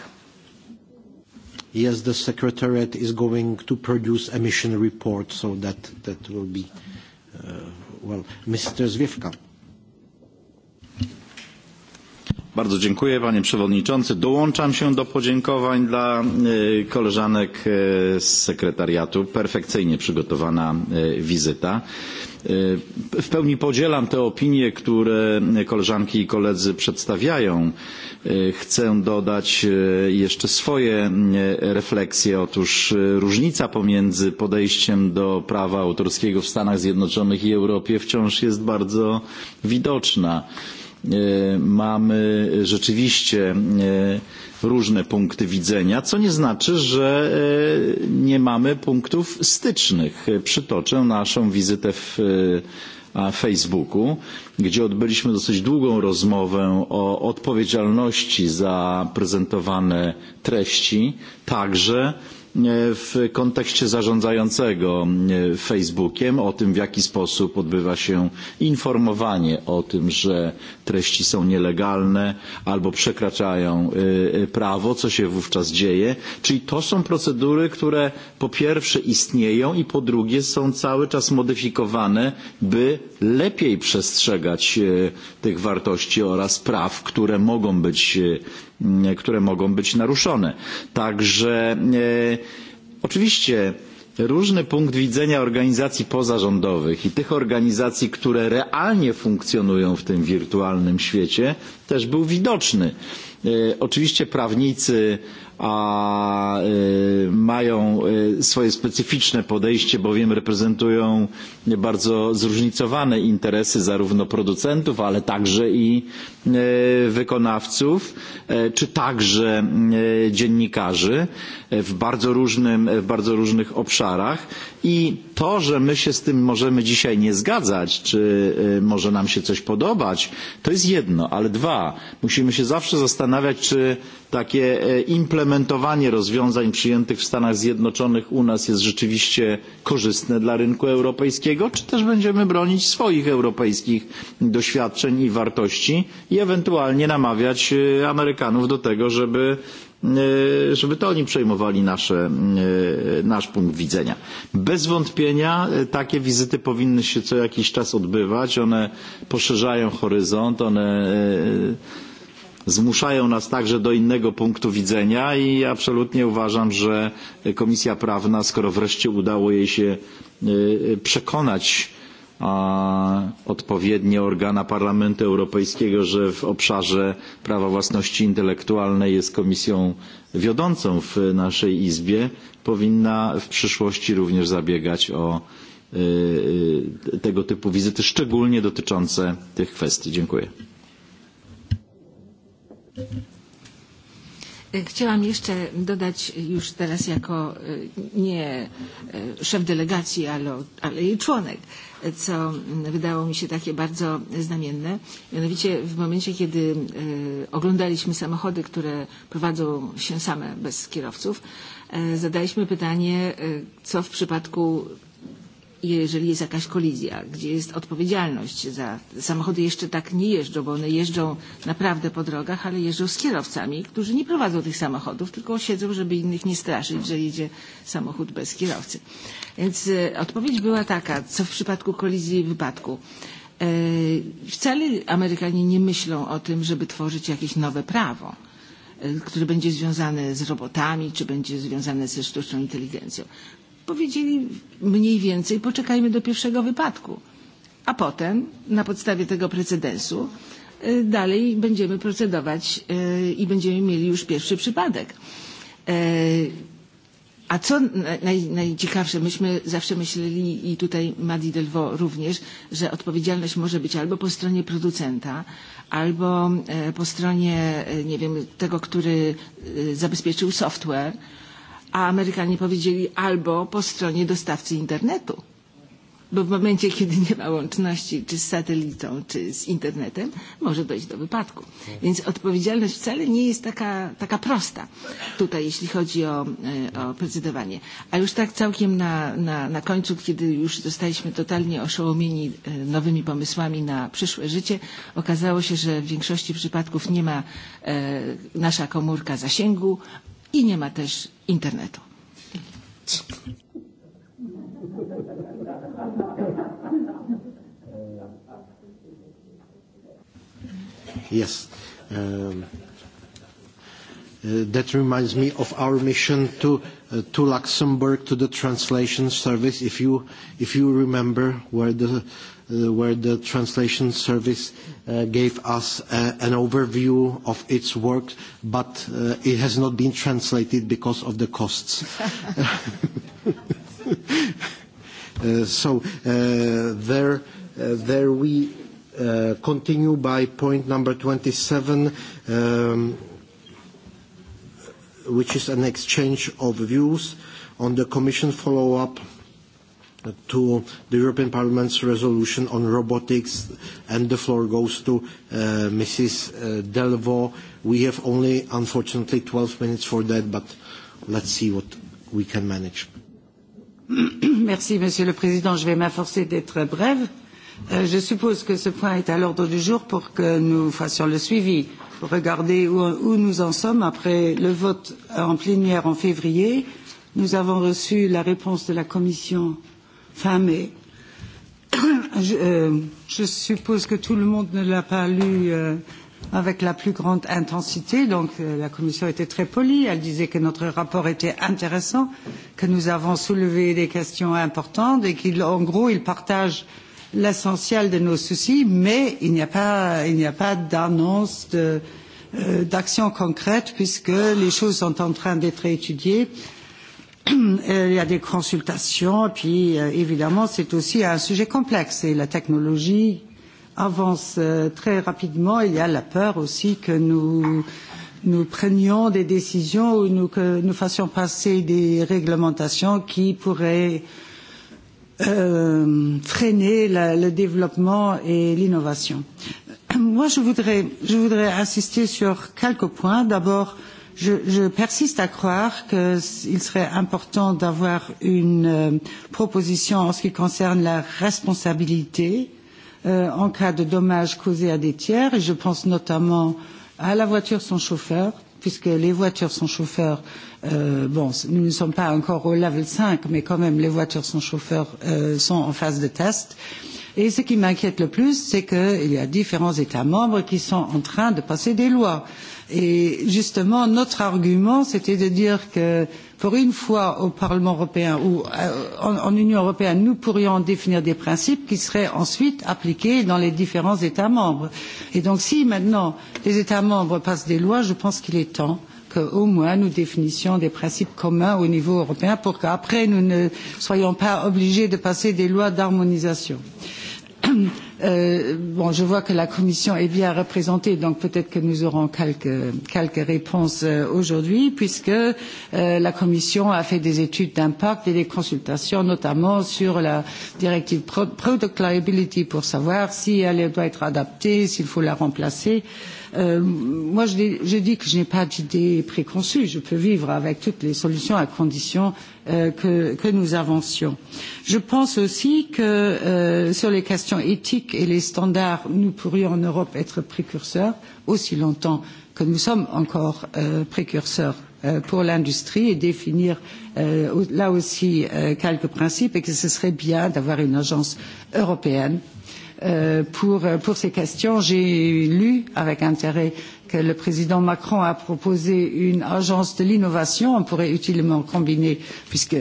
yes, the Secretariat is going to produce a mission report, so that, that will be, uh, well, Mr. Zwiefka. Bardzo dziękuję panie przewodniczący. Dołączam się do podziękowań dla e, koleżanek e, z sekretariatu. Perfekcyjnie przygotowana e, wizyta. W pełni podzielam te opinie, które koleżanki i koledzy przedstawiają. Chcę dodać jeszcze swoje refleksje. Otóż różnica pomiędzy podejściem do prawa autorskiego w Stanach Zjednoczonych i Europie wciąż jest bardzo widoczna. Thank you E, mamy rzeczywiście e, różne punkty widzenia, co nie znaczy, że e, nie mamy punktów stycznych. Przytoczę naszą wizytę w Facebooku, gdzie odbyliśmy dosyć długą rozmowę o odpowiedzialności za prezentowane treści, także E, w kontekście zarządzającego e, Facebookiem, o tym w jaki sposób odbywa się informowanie o tym, że treści są nielegalne albo przekraczają e, prawo, co się wówczas dzieje. Czyli to są procedury, które po pierwsze istnieją i po drugie są cały czas modyfikowane, by lepiej przestrzegać tych wartości oraz praw, które mogą być E, które mogą być naruszone. Także e, oczywiście różny punkt widzenia organizacji pozarządowych i tych organizacji, które realnie funkcjonują w tym wirtualnym świecie, też był widoczny. E, oczywiście prawnicy a mają swoje specyficzne podejście, bowiem reprezentują bardzo zróżnicowane interesy zarówno producentów, ale także i wykonawców, czy także dziennikarzy w bardzo, różnym, w bardzo różnych obszarach. I to, że my się z tym możemy dzisiaj nie zgadzać, czy może nam się coś podobać, to jest jedno, ale dwa, musimy się zawsze zastanawiać, czy takie implementacje implementowanie rozwiązań przyjętych w Stanach Zjednoczonych u nas jest rzeczywiście korzystne dla rynku europejskiego, czy też będziemy bronić swoich europejskich doświadczeń i wartości i ewentualnie namawiać Amerykanów do tego, żeby żeby to oni przejmowali nasze, nasz punkt widzenia. Bez wątpienia takie wizyty powinny się co jakiś czas odbywać. One poszerzają horyzont, one zmuszają nas także do innego punktu widzenia i absolutnie uważam, że Komisja Prawna, skoro wreszcie udało jej się przekonać a, odpowiednie organa Parlamentu Europejskiego, że w obszarze prawa własności intelektualnej jest komisją wiodącą w naszej Izbie, powinna w przyszłości również zabiegać o y, y, tego typu wizyty, szczególnie dotyczące tych kwestii. Dziękuję. E, chciałam jeszcze dodać już teraz jako e, nie e, szef delegacji, ale, ale jej członek, co wydało mi się takie bardzo znamienne. Mianowicie w momencie, kiedy oglądaliśmy samochody, które prowadzą się same bez kierowców, zadaliśmy pytanie, co w przypadku jeżeli jest jakaś kolizja, gdzie jest odpowiedzialność za samochody jeszcze tak nie jeżdżą, bo one jeżdżą naprawdę po drogach, ale jeżdżą z kierowcami, którzy nie prowadzą tych samochodów, tylko siedzą, żeby innych nie straszyć, że jedzie samochód bez kierowcy. Więc e, odpowiedź była taka, co w przypadku kolizji i wypadku. E, wcale Amerykanie nie myślą o tym, żeby tworzyć jakieś nowe prawo e, które będzie związane z robotami, czy będzie związane ze sztuczną inteligencją. Powiedzieli mniej więcej poczekajmy do pierwszego wypadku, a potem na podstawie tego precedensu dalej będziemy procedować i będziemy mieli już pierwszy przypadek. E, a co naj, najciekawsze, myśmy zawsze myśleli i tutaj Madi Delvo również, że odpowiedzialność może być albo po stronie producenta, albo e, po stronie, e, nie wiem, tego, który zabezpieczył software, a Amerykanie powiedzieli albo po stronie dostawcy internetu. Bo w momencie, kiedy nie ma łączności czy z satelitą, czy z internetem, może dojść do wypadku. Więc odpowiedzialność wcale nie jest taka, taka prosta tutaj, jeśli chodzi o, e, o procedowanie. A już tak całkiem na, na, na końcu, kiedy już zostaliśmy totalnie oszołomieni e, nowymi pomysłami na przyszłe życie, okazało się, że w większości przypadków nie ma e, nasza komórka zasięgu, i nie ma też internetu. Yes. Um, uh, that reminds me of our mission to uh, to Luxembourg to the translation service. If you if you remember where the uh, where the translation service uh, gave us uh, an overview of its work, but uh, it has not been translated because of the costs. uh, so uh, there, uh, there we uh, continue by point number 27. Um, which is an exchange of views on the Commission follow-up uh, to the European Parliament's resolution on robotics, and the floor goes to uh, Mrs. Uh, Delvaux. We have only, unfortunately, 12 minutes for that, but let's see what we can manage. Merci, Monsieur le Président. Je vais m'efforcer d'être brève. Euh, je suppose que ce point est à l'ordre du jour pour que nous fassions le suivi, pour regarder où, où nous en sommes après le vote en plénière en février. Nous avons reçu la réponse de la Commission euh, femmes. Et je, euh, je suppose que tout le monde ne l'a pas lu euh, avec la plus grande intensité. Donc euh, la Commission était très polie. Elle disait que notre rapport était intéressant, que nous avons soulevé des questions importantes et qu'en gros, il partage l'essentiel de nos soucis, mais il n'y a pas, il n'y a pas d'annonce de, euh, d'action concrète puisque les choses sont en train d'être étudiées. Euh, Euh, il y a des consultations, puis euh, évidemment c'est aussi un sujet complexe et la technologie avance euh, très rapidement. Il y a la peur aussi que nous, nous prenions des décisions ou nous, que nous fassions passer des réglementations qui pourraient euh, freiner la, le développement et l'innovation. Moi, je voudrais, je voudrais insister sur quelques points. D'abord, euh, je, je persiste à croire qu'il serait important d'avoir une euh, proposition en ce qui concerne la responsabilité euh, en cas de dommages causés à des tiers et je pense notamment à la voiture sans chauffeur puisque les voitures sans chauffeur euh, bon nous ne sommes pas encore au level 5 mais quand même les voitures sans chauffeur euh, sont en phase de test et ce qui m'inquiète le plus c'est qu'il y a différents états membres qui sont en train de passer des lois euh, Et justement, notre argument, c'était de dire que pour une fois au Parlement européen ou euh, en, en Union européenne, nous pourrions définir des principes qui seraient ensuite appliqués dans les différents États membres. Et donc si maintenant les États membres passent des lois, je pense qu'il est temps qu'au moins nous définissions des principes communs au niveau européen pour qu'après nous ne soyons pas obligés de passer des lois d'harmonisation. Euh, euh, bon, je vois que la Commission est bien représentée, donc peut-être que nous aurons quelques, quelques réponses euh, aujourd'hui, puisque euh, la Commission a fait des études d'impact et des consultations, notamment sur la directive Product Liability, pour savoir si elle doit être adaptée, s'il faut la remplacer. Euh, Euh, moi, je, je dis que je n'ai pas d'idée préconçue. Je peux vivre avec toutes les solutions à condition euh, que, que nous avancions. Je pense aussi que euh, sur les questions éthiques et les standards, nous pourrions en Europe être précurseurs aussi longtemps que nous sommes encore euh, précurseurs euh, pour l'industrie et définir euh, là aussi euh, quelques principes et que ce serait bien d'avoir une agence européenne euh, euh, pour, euh, pour ces questions. J'ai lu avec intérêt que le président Macron a proposé une agence de l'innovation. On pourrait utilement combiner, puisque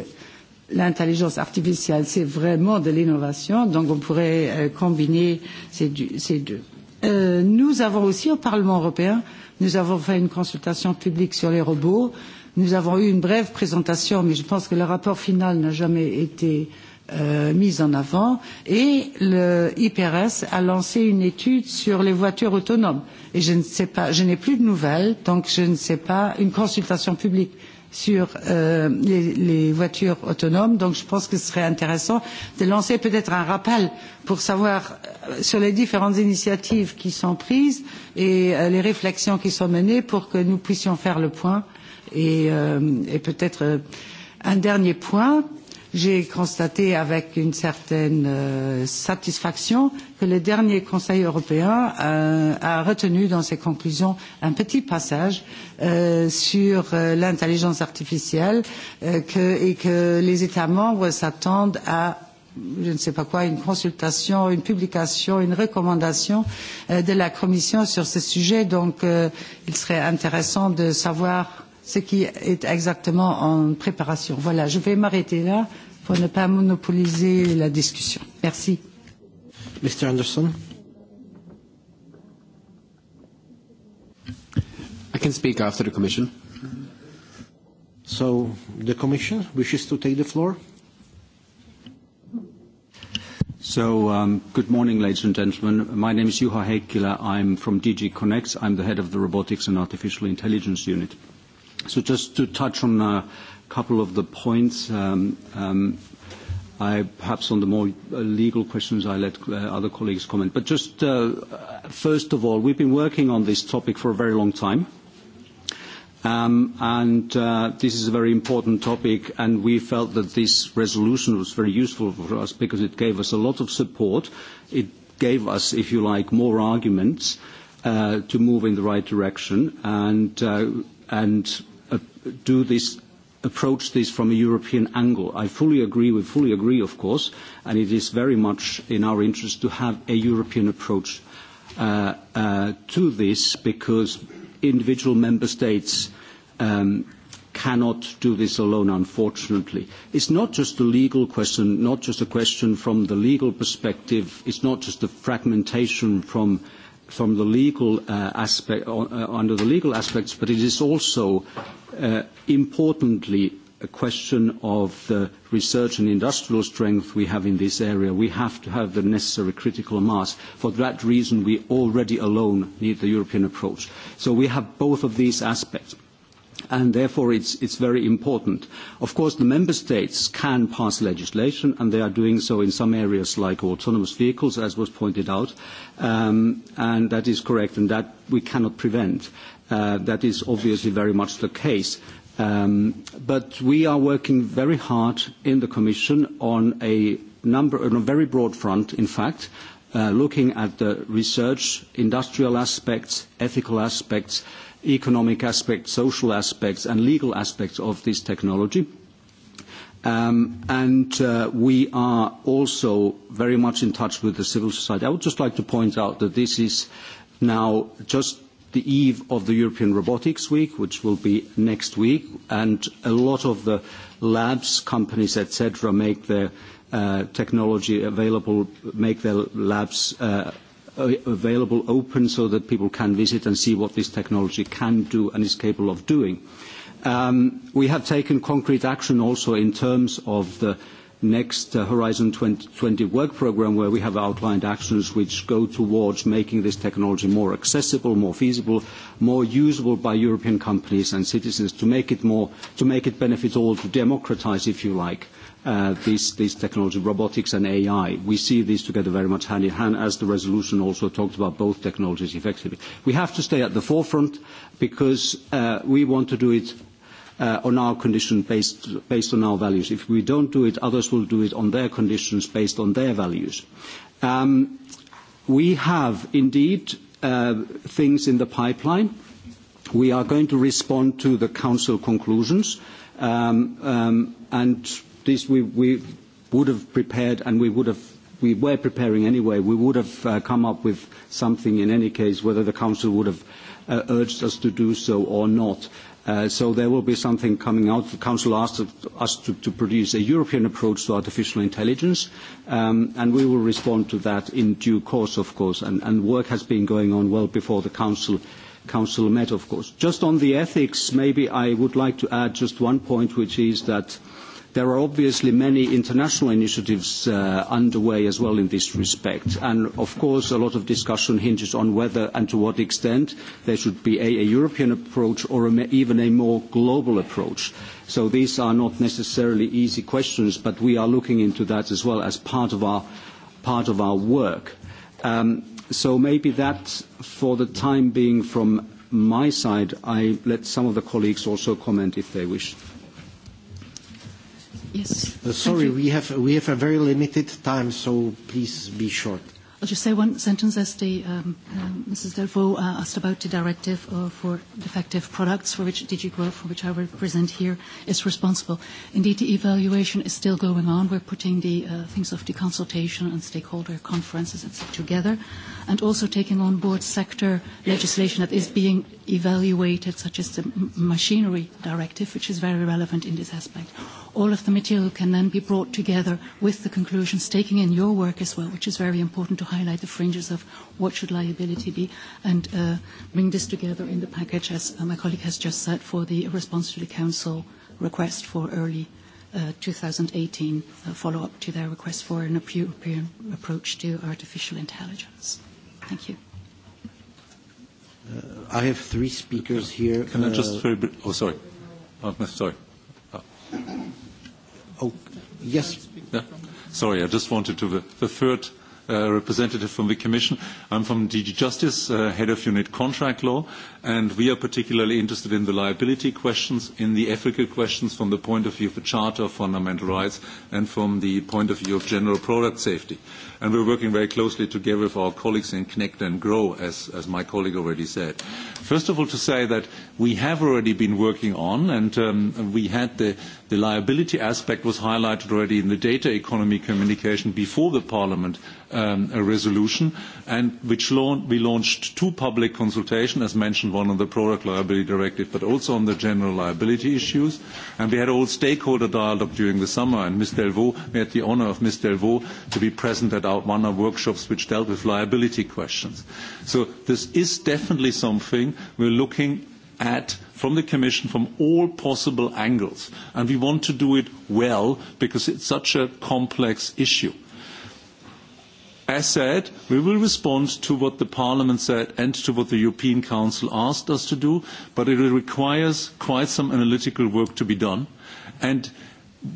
l'intelligence artificielle, c'est vraiment de l'innovation, donc on pourrait euh, combiner ces, ces deux. Euh, nous avons aussi au Parlement européen, nous avons fait une consultation publique sur les robots. Nous avons eu une brève présentation, mais je pense que le rapport final n'a jamais été euh, euh, mise en avant et le IPRS a lancé une étude sur les voitures autonomes et je ne sais pas, je n'ai plus de nouvelles donc je ne sais pas une consultation publique sur euh, les, les voitures autonomes. Donc je pense que ce serait intéressant de lancer peut-être un rappel pour savoir euh, sur les différentes initiatives qui sont prises et euh, les réflexions qui sont menées pour que nous puissions faire le point. Et, euh, et peut-être euh, un dernier point j'ai constaté avec une certaine euh, satisfaction que le dernier Conseil européen euh, a retenu dans ses conclusions un petit passage euh, sur euh, l'intelligence artificielle euh, que, et que les États membres s'attendent à je ne sais pas quoi, une consultation, une publication, une recommandation euh, de la Commission sur ce sujet. Donc, euh, il serait intéressant de savoir ce qui est exactement en préparation. Voilà, je vais m'arrêter là pour ne pas monopoliser la discussion. Merci. Mr. Anderson. I can speak after the Commission. So the Commission wishes to take the floor. So, um, good morning, ladies and gentlemen. My name is Juha Heikkilä. I'm from DG Connect. I'm the head of the Robotics and Artificial Intelligence Unit. Uh, So just to touch on a couple of the points, um, um, I perhaps on the more uh, legal questions, I let uh, other colleagues comment. But just uh, first of all, we've been working on this topic for a very long time. Um, and uh, this is a very important topic, and we felt that this resolution was very useful for us because it gave us a lot of support. It gave us, if you like, more arguments uh, to move in the right direction. And, uh, and uh, do this approach this from a European angle. I fully agree, we fully agree, of course, and it is very much in our interest to have a European approach uh, uh, to this because individual member states um, cannot do this alone, unfortunately. It's not just a legal question, not just a question from the legal perspective, it's not just a fragmentation from uh, from the legal uh, aspect, uh, under the legal aspects, but it is also uh, importantly a question of the research and industrial strength we have in this area. We have to have the necessary critical mass. For that reason, we already alone need the European approach. So we have both of these aspects and therefore it's, it's very important. Of course, the member states can pass legislation, and they are doing so in some areas like autonomous vehicles, as was pointed out, um, and that is correct, and that we cannot prevent. Uh, that is obviously very much the case. Um, but we are working very hard in the Commission on a number, on a very broad front, in fact, uh, looking at the research, industrial aspects, ethical aspects, uh, economic aspects, social aspects, and legal aspects of this technology. Um, and uh, we are also very much in touch with the civil society. I would just like to point out that this is now just the eve of the European Robotics Week, which will be next week, and a lot of the labs, companies, etc., make their uh, technology available, make their labs uh, available open so that people can visit and see what this technology can do and is capable of doing. Um, we have taken concrete action also in terms of the next uh, Horizon 2020 work program, where we have outlined actions which go towards making this technology more accessible, more feasible, more usable by European companies and citizens to make it more, to make it benefit all, to democratize, if you like. Uh, uh, this, this technology, robotics and AI. We see these together very much hand in hand, as the resolution also talked about both technologies effectively. We have to stay at the forefront because uh, we want to do it uh, on our condition based, based on our values. If we don't do it, others will do it on their conditions based on their values. Um, we have indeed uh, things in the pipeline. We are going to respond to the council conclusions, um, um, and This we, we would have prepared, and we would have we were preparing anyway. We would have uh, come up with something in any case, whether the council would have uh, urged us to do so or not. Uh, so there will be something coming out. The Council asked us to, to produce a European approach to artificial intelligence, um, and we will respond to that in due course, of course. And, and work has been going on well before the Council, council met, of course. Just on the ethics, maybe I would like to add just one point, which is that uh, There are obviously many international initiatives uh, underway as well in this respect. And of course, a lot of discussion hinges on whether and to what extent there should be a, a European approach or a, even a more global approach. So these are not necessarily easy questions, but we are looking into that as well as part of our, part of our work. Um, so maybe that for the time being from my side. I let some of the colleagues also comment if they wish. Yes. Uh, sorry, we have, we have a very limited time, so please be short. I'll just say one sentence as the, um, um, Mrs. Delvaux uh, asked about the directive uh, for defective products for which DG Growth, for which I represent here, is responsible. Indeed, the evaluation is still going on. We're putting the uh, things of the consultation and stakeholder conferences and together, and also taking on board sector legislation that is being evaluated, such as the machinery directive, which is very relevant in this aspect. All of the material can then be brought together with the conclusions, taking in your work as well, which is very important to highlight the fringes of what should liability be, and uh, bring this together in the package, as uh, my colleague has just said, for the response to the council request for early uh, 2018 uh, follow-up to their request for an European approach to artificial intelligence. Thank you. Uh, I have three speakers here. Can uh, I just uh, very brief? Oh, sorry. Oh, sorry. Oh. oh, yes. Yeah. Sorry, I just wanted to the, the third uh, representative from the Commission. I'm from DG Justice, uh, head of unit contract law, and we are particularly interested in the liability questions, in the ethical questions from the point of view of the Charter of Fundamental Rights and from the point of view of general product safety. And we're working very closely together with our colleagues in Connect and Grow, as, as my colleague already said. First of all, to say that we have already been working on, and um, we had the, the liability aspect was highlighted already in the data economy communication before the Parliament um, a resolution, and which laun- we launched two public consultations, as mentioned, one on the product liability directive, but also on the general liability issues. And we had all stakeholder dialogue during the summer, and Ms. Delvaux, we had the honor of Ms. Delvaux to be present at our one of workshops which dealt with liability questions. So this is definitely something we're looking at from the Commission from all possible angles. And we want to do it well because it's such a complex issue. As said, we will respond to what the Parliament said and to what the European Council asked us to do, but it requires quite some analytical work to be done. And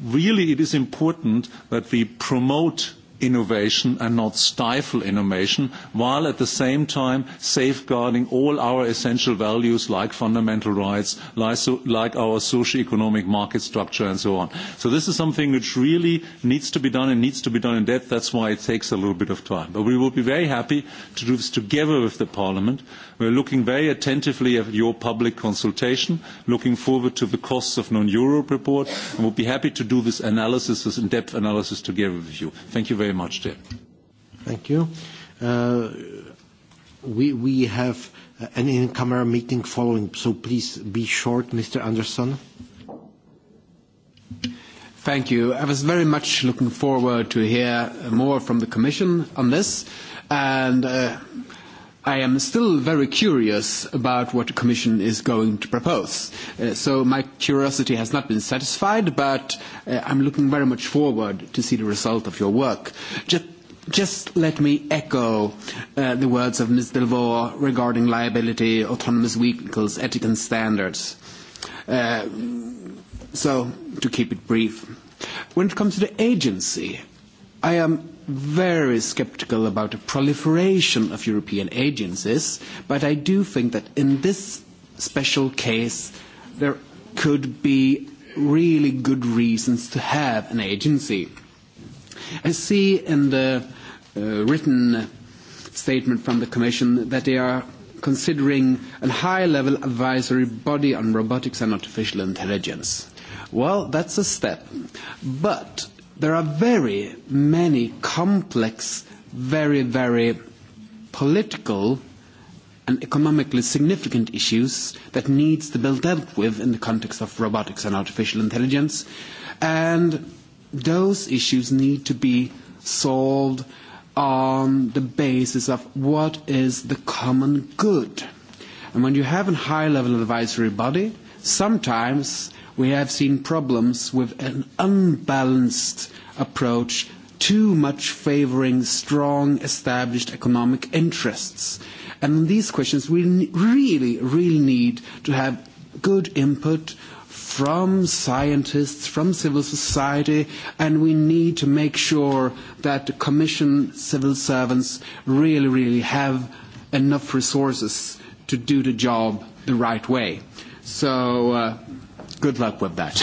really, it is important that we promote innovation and not stifle innovation, while at the same time safeguarding all our essential values like fundamental rights, like our socio-economic market structure and so on. So this is something which really needs to be done and needs to be done in depth. That's why it takes a little bit of time. But we will be very happy to do this together with the Parliament. We're looking very attentively at your public consultation, looking forward to the costs of non-Europe report, and we'll be happy to do this analysis, this in-depth analysis together with you. Thank you very very much there. Thank you. Uh, we, we have uh, an in-camera meeting following, so please be short, Mr. Anderson. Thank you. I was very much looking forward to hear more from the Commission on this, and uh, I am still very curious about what the Commission is going to propose. Uh, so my curiosity has not been satisfied, but uh, I'm looking very much forward to see the result of your work. Just just let me echo uh, the words of Ms. Delvaux regarding liability, autonomous vehicles, ethics and standards. Uh, so, to keep it brief, when it comes to the agency, I am very skeptical about a proliferation of European agencies, but I do think that in this special case, there could be really good reasons to have an agency. I see in the uh, written statement from the Commission that they are considering a high-level advisory body on robotics and artificial intelligence. Well, that's a step. But there are very many complex, very, very political and economically significant issues that needs to be dealt with in the context of robotics and artificial intelligence. And those issues need to be solved on the basis of what is the common good. And when you have a high level advisory body, sometimes we have seen problems with an unbalanced approach, too much favoring strong established economic interests. And on these questions, we really, really need to have good input from scientists, from civil society, and we need to make sure that the Commission civil servants really, really have enough resources to do the job the right way. So uh, good luck with that.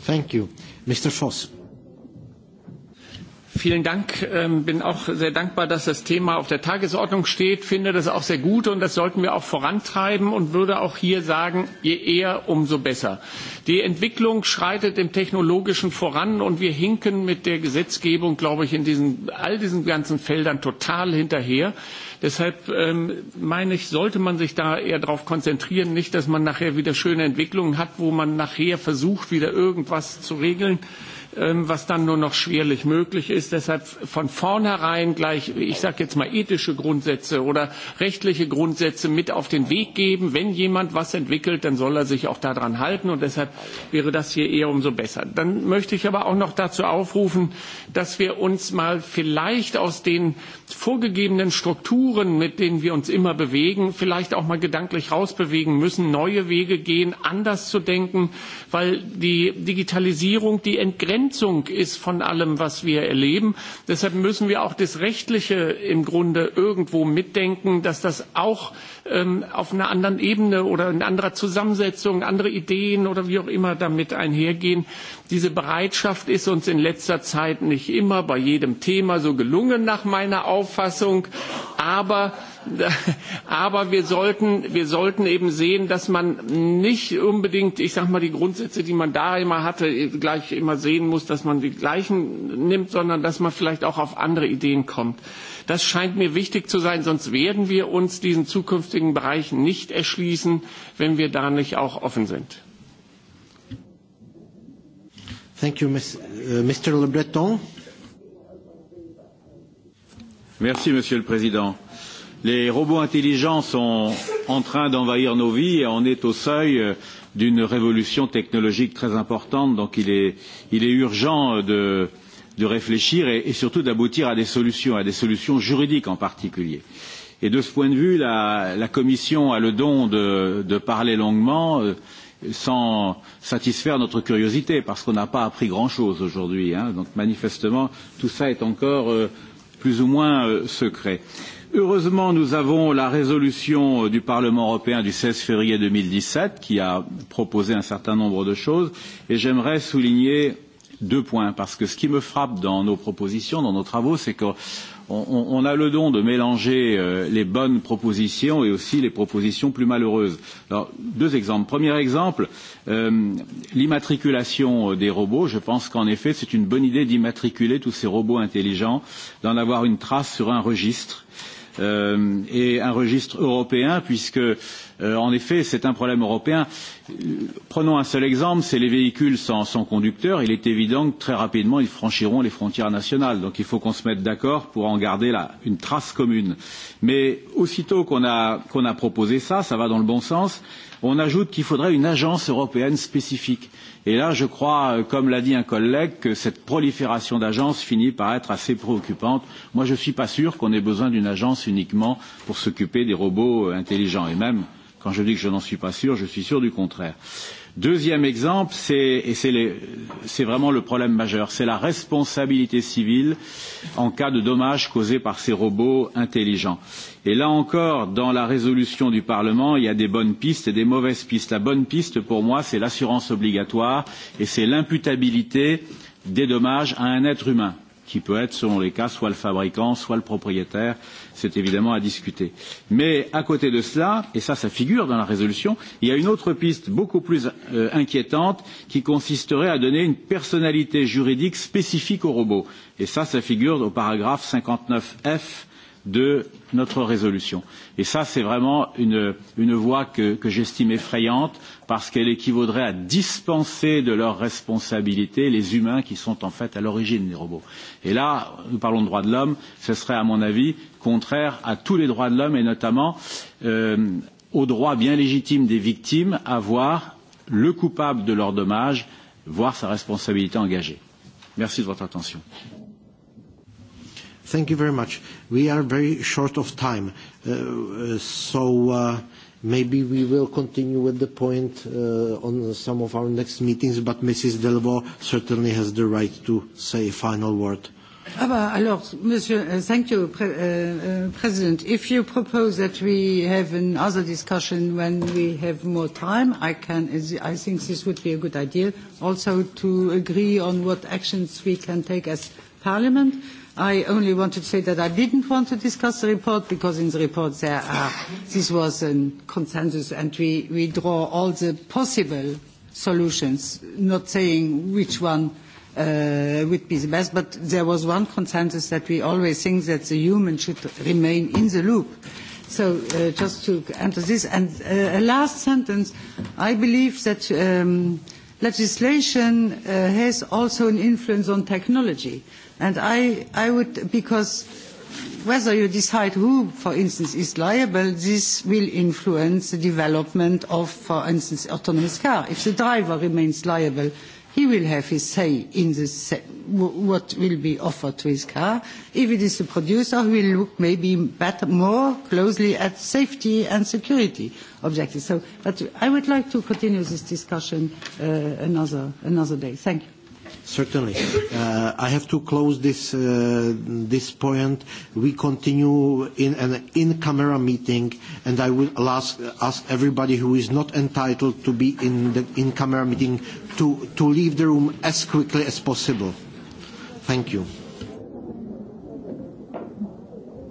Thank you. Mr. Foss. Vielen Dank. Ähm, bin auch sehr dankbar, dass das Thema auf der Tagesordnung steht. Finde das auch sehr gut und das sollten wir auch vorantreiben und würde auch hier sagen, je eher, umso besser. Die Entwicklung schreitet im Technologischen voran und wir hinken mit der Gesetzgebung, glaube ich, in diesen, all diesen ganzen Feldern total hinterher. Deshalb ähm, meine ich, sollte man sich da eher darauf konzentrieren, nicht, dass man nachher wieder schöne Entwicklungen hat, wo man nachher versucht, wieder irgendwas zu regeln Ähm, was dann nur noch schwerlich möglich ist. Deshalb von vornherein gleich, ich sage jetzt mal, ethische Grundsätze oder rechtliche Grundsätze mit auf den Weg geben. Wenn jemand was entwickelt, dann soll er sich auch daran halten. Und deshalb wäre das hier eher umso besser. Dann möchte ich aber auch noch dazu aufrufen, dass wir uns mal vielleicht aus den vorgegebenen Strukturen, mit denen wir uns immer bewegen, vielleicht auch mal gedanklich rausbewegen müssen, neue Wege gehen, anders zu denken, weil die Digitalisierung, die entgrenzt Ergänzung ist von allem, was wir erleben. Deshalb müssen wir auch das Rechtliche im Grunde irgendwo mitdenken, dass das auch ähm, auf einer anderen Ebene oder in anderer Zusammensetzung, andere Ideen oder wie auch immer damit einhergehen. Diese Bereitschaft ist uns in letzter Zeit nicht immer bei jedem Thema so gelungen, nach meiner Auffassung. Aber aber wir sollten, wir sollten eben sehen, dass man nicht unbedingt, ich sag mal, die Grundsätze, die man da immer hatte, gleich immer sehen muss, dass man die gleichen nimmt, sondern dass man vielleicht auch auf andere Ideen kommt. Das scheint mir wichtig zu sein, sonst werden wir uns diesen zukünftigen Bereich nicht erschließen, wenn wir da nicht auch offen sind. Thank you, Ms. Uh, Mr. Le Breton. Merci, Monsieur le Président. Les robots intelligents sont en train d'envahir nos vies et on est au seuil euh, d'une révolution technologique très importante, donc il est, il est urgent de, de réfléchir et, et surtout d'aboutir à des solutions, à des solutions juridiques en particulier. Et de ce point de vue, la, la Commission a le don de, de parler longuement euh, sans satisfaire notre curiosité, parce qu'on n'a pas appris grand-chose aujourd'hui. Hein, donc manifestement, tout ça est encore euh, plus ou moins euh, secret. Heureusement, nous avons la résolution euh, du Parlement européen du 16 février 2017 qui a proposé un certain nombre de choses et j'aimerais souligner deux points, parce que ce qui me frappe dans nos propositions, dans nos travaux, c'est qu'on on a le don de mélanger euh, les bonnes propositions et aussi les propositions plus malheureuses. Alors, deux exemples. Premier exemple, euh, l'immatriculation euh, des robots. Je pense qu'en effet, c'est une bonne idée d'immatriculer tous ces robots intelligents, d'en avoir une trace sur un registre. Euh, euh, et un registre européen, puisque, euh, en effet, c'est un problème européen. Euh, prenons un seul exemple, c'est les véhicules sans, sans conducteur. Il est évident que très rapidement, ils franchiront les frontières nationales. Donc il faut qu'on se mette d'accord pour en garder là, une trace commune. Mais aussitôt qu'on a, qu'on a proposé ça, ça va dans le bon sens, on ajoute qu'il faudrait une agence européenne spécifique. Euh, Et là, je crois, euh, comme l'a dit un collègue, que cette prolifération d'agences finit par être assez préoccupante. Moi, je ne suis pas sûr qu'on ait besoin d'une agence uniquement pour s'occuper des robots euh, intelligents. Et même, quand je dis que je n'en suis pas sûr, je suis sûr du contraire. Deuxième exemple, c'est, et c'est, les, c'est vraiment le problème majeur, c'est la responsabilité civile en cas de dommages causés par ces robots intelligents. Euh, Et là encore, dans la résolution du Parlement, il y a des bonnes pistes et des mauvaises pistes. La bonne piste, pour moi, c'est l'assurance obligatoire et c'est l'imputabilité des dommages à un être humain qui peut être, selon les cas, soit le fabricant, soit le propriétaire. C'est évidemment à discuter. Mais à côté de cela, et ça, ça figure dans la résolution, il y a une autre piste beaucoup plus euh, inquiétante qui consisterait à donner une personnalité juridique spécifique aux robots. Et ça, ça figure au paragraphe 59F de notre résolution. Et ça, c'est vraiment une, une voie que, que j'estime effrayante parce qu'elle équivaudrait à dispenser de leurs responsabilités les humains qui sont en fait à l'origine des robots. Et là, nous parlons de droits de l'homme, ce serait à mon avis contraire à tous les droits de l'homme et notamment euh, au droit bien légitime des victimes à voir le coupable de leurs dommages, voir sa responsabilité engagée. Merci de votre attention. Merci. Thank you very much. We are very short of time, uh, uh, so uh, maybe we will continue with the point uh, on some of our next meetings, but Mrs. Delvaux certainly has the right to say a final word. Aber ah, alors, Monsieur, uh, thank you, Pre uh, uh, President. If you propose that we have another discussion when we have more time, I can. I think this would be a good idea. Also, to agree on what actions we can take as Parliament. Uh, I only wanted to say that I didn't want to discuss the report because in the report there are, this was a consensus and we, we draw all the possible solutions, not saying which one uh, would be the best, but there was one consensus that we always think that the human should remain in the loop. So uh, just to enter this, and uh, a last sentence, I believe that um, legislation uh, has also an influence on technology. Uh, And I, I would, because whether you decide who, for instance, is liable, this will influence the development of, for instance, autonomous car. If the driver remains liable, he will have his say in the, what will be offered to his car. If it is the producer, he will look maybe better, more closely at safety and security objectives. So, but I would like to continue this discussion uh, another, another day. Thank you. Certainly. Uh, I have to close this, uh, this point. We continue in an in-camera meeting, and I will ask, ask everybody who is not entitled to be in the in-camera meeting to, to leave the room as quickly as possible. Thank you.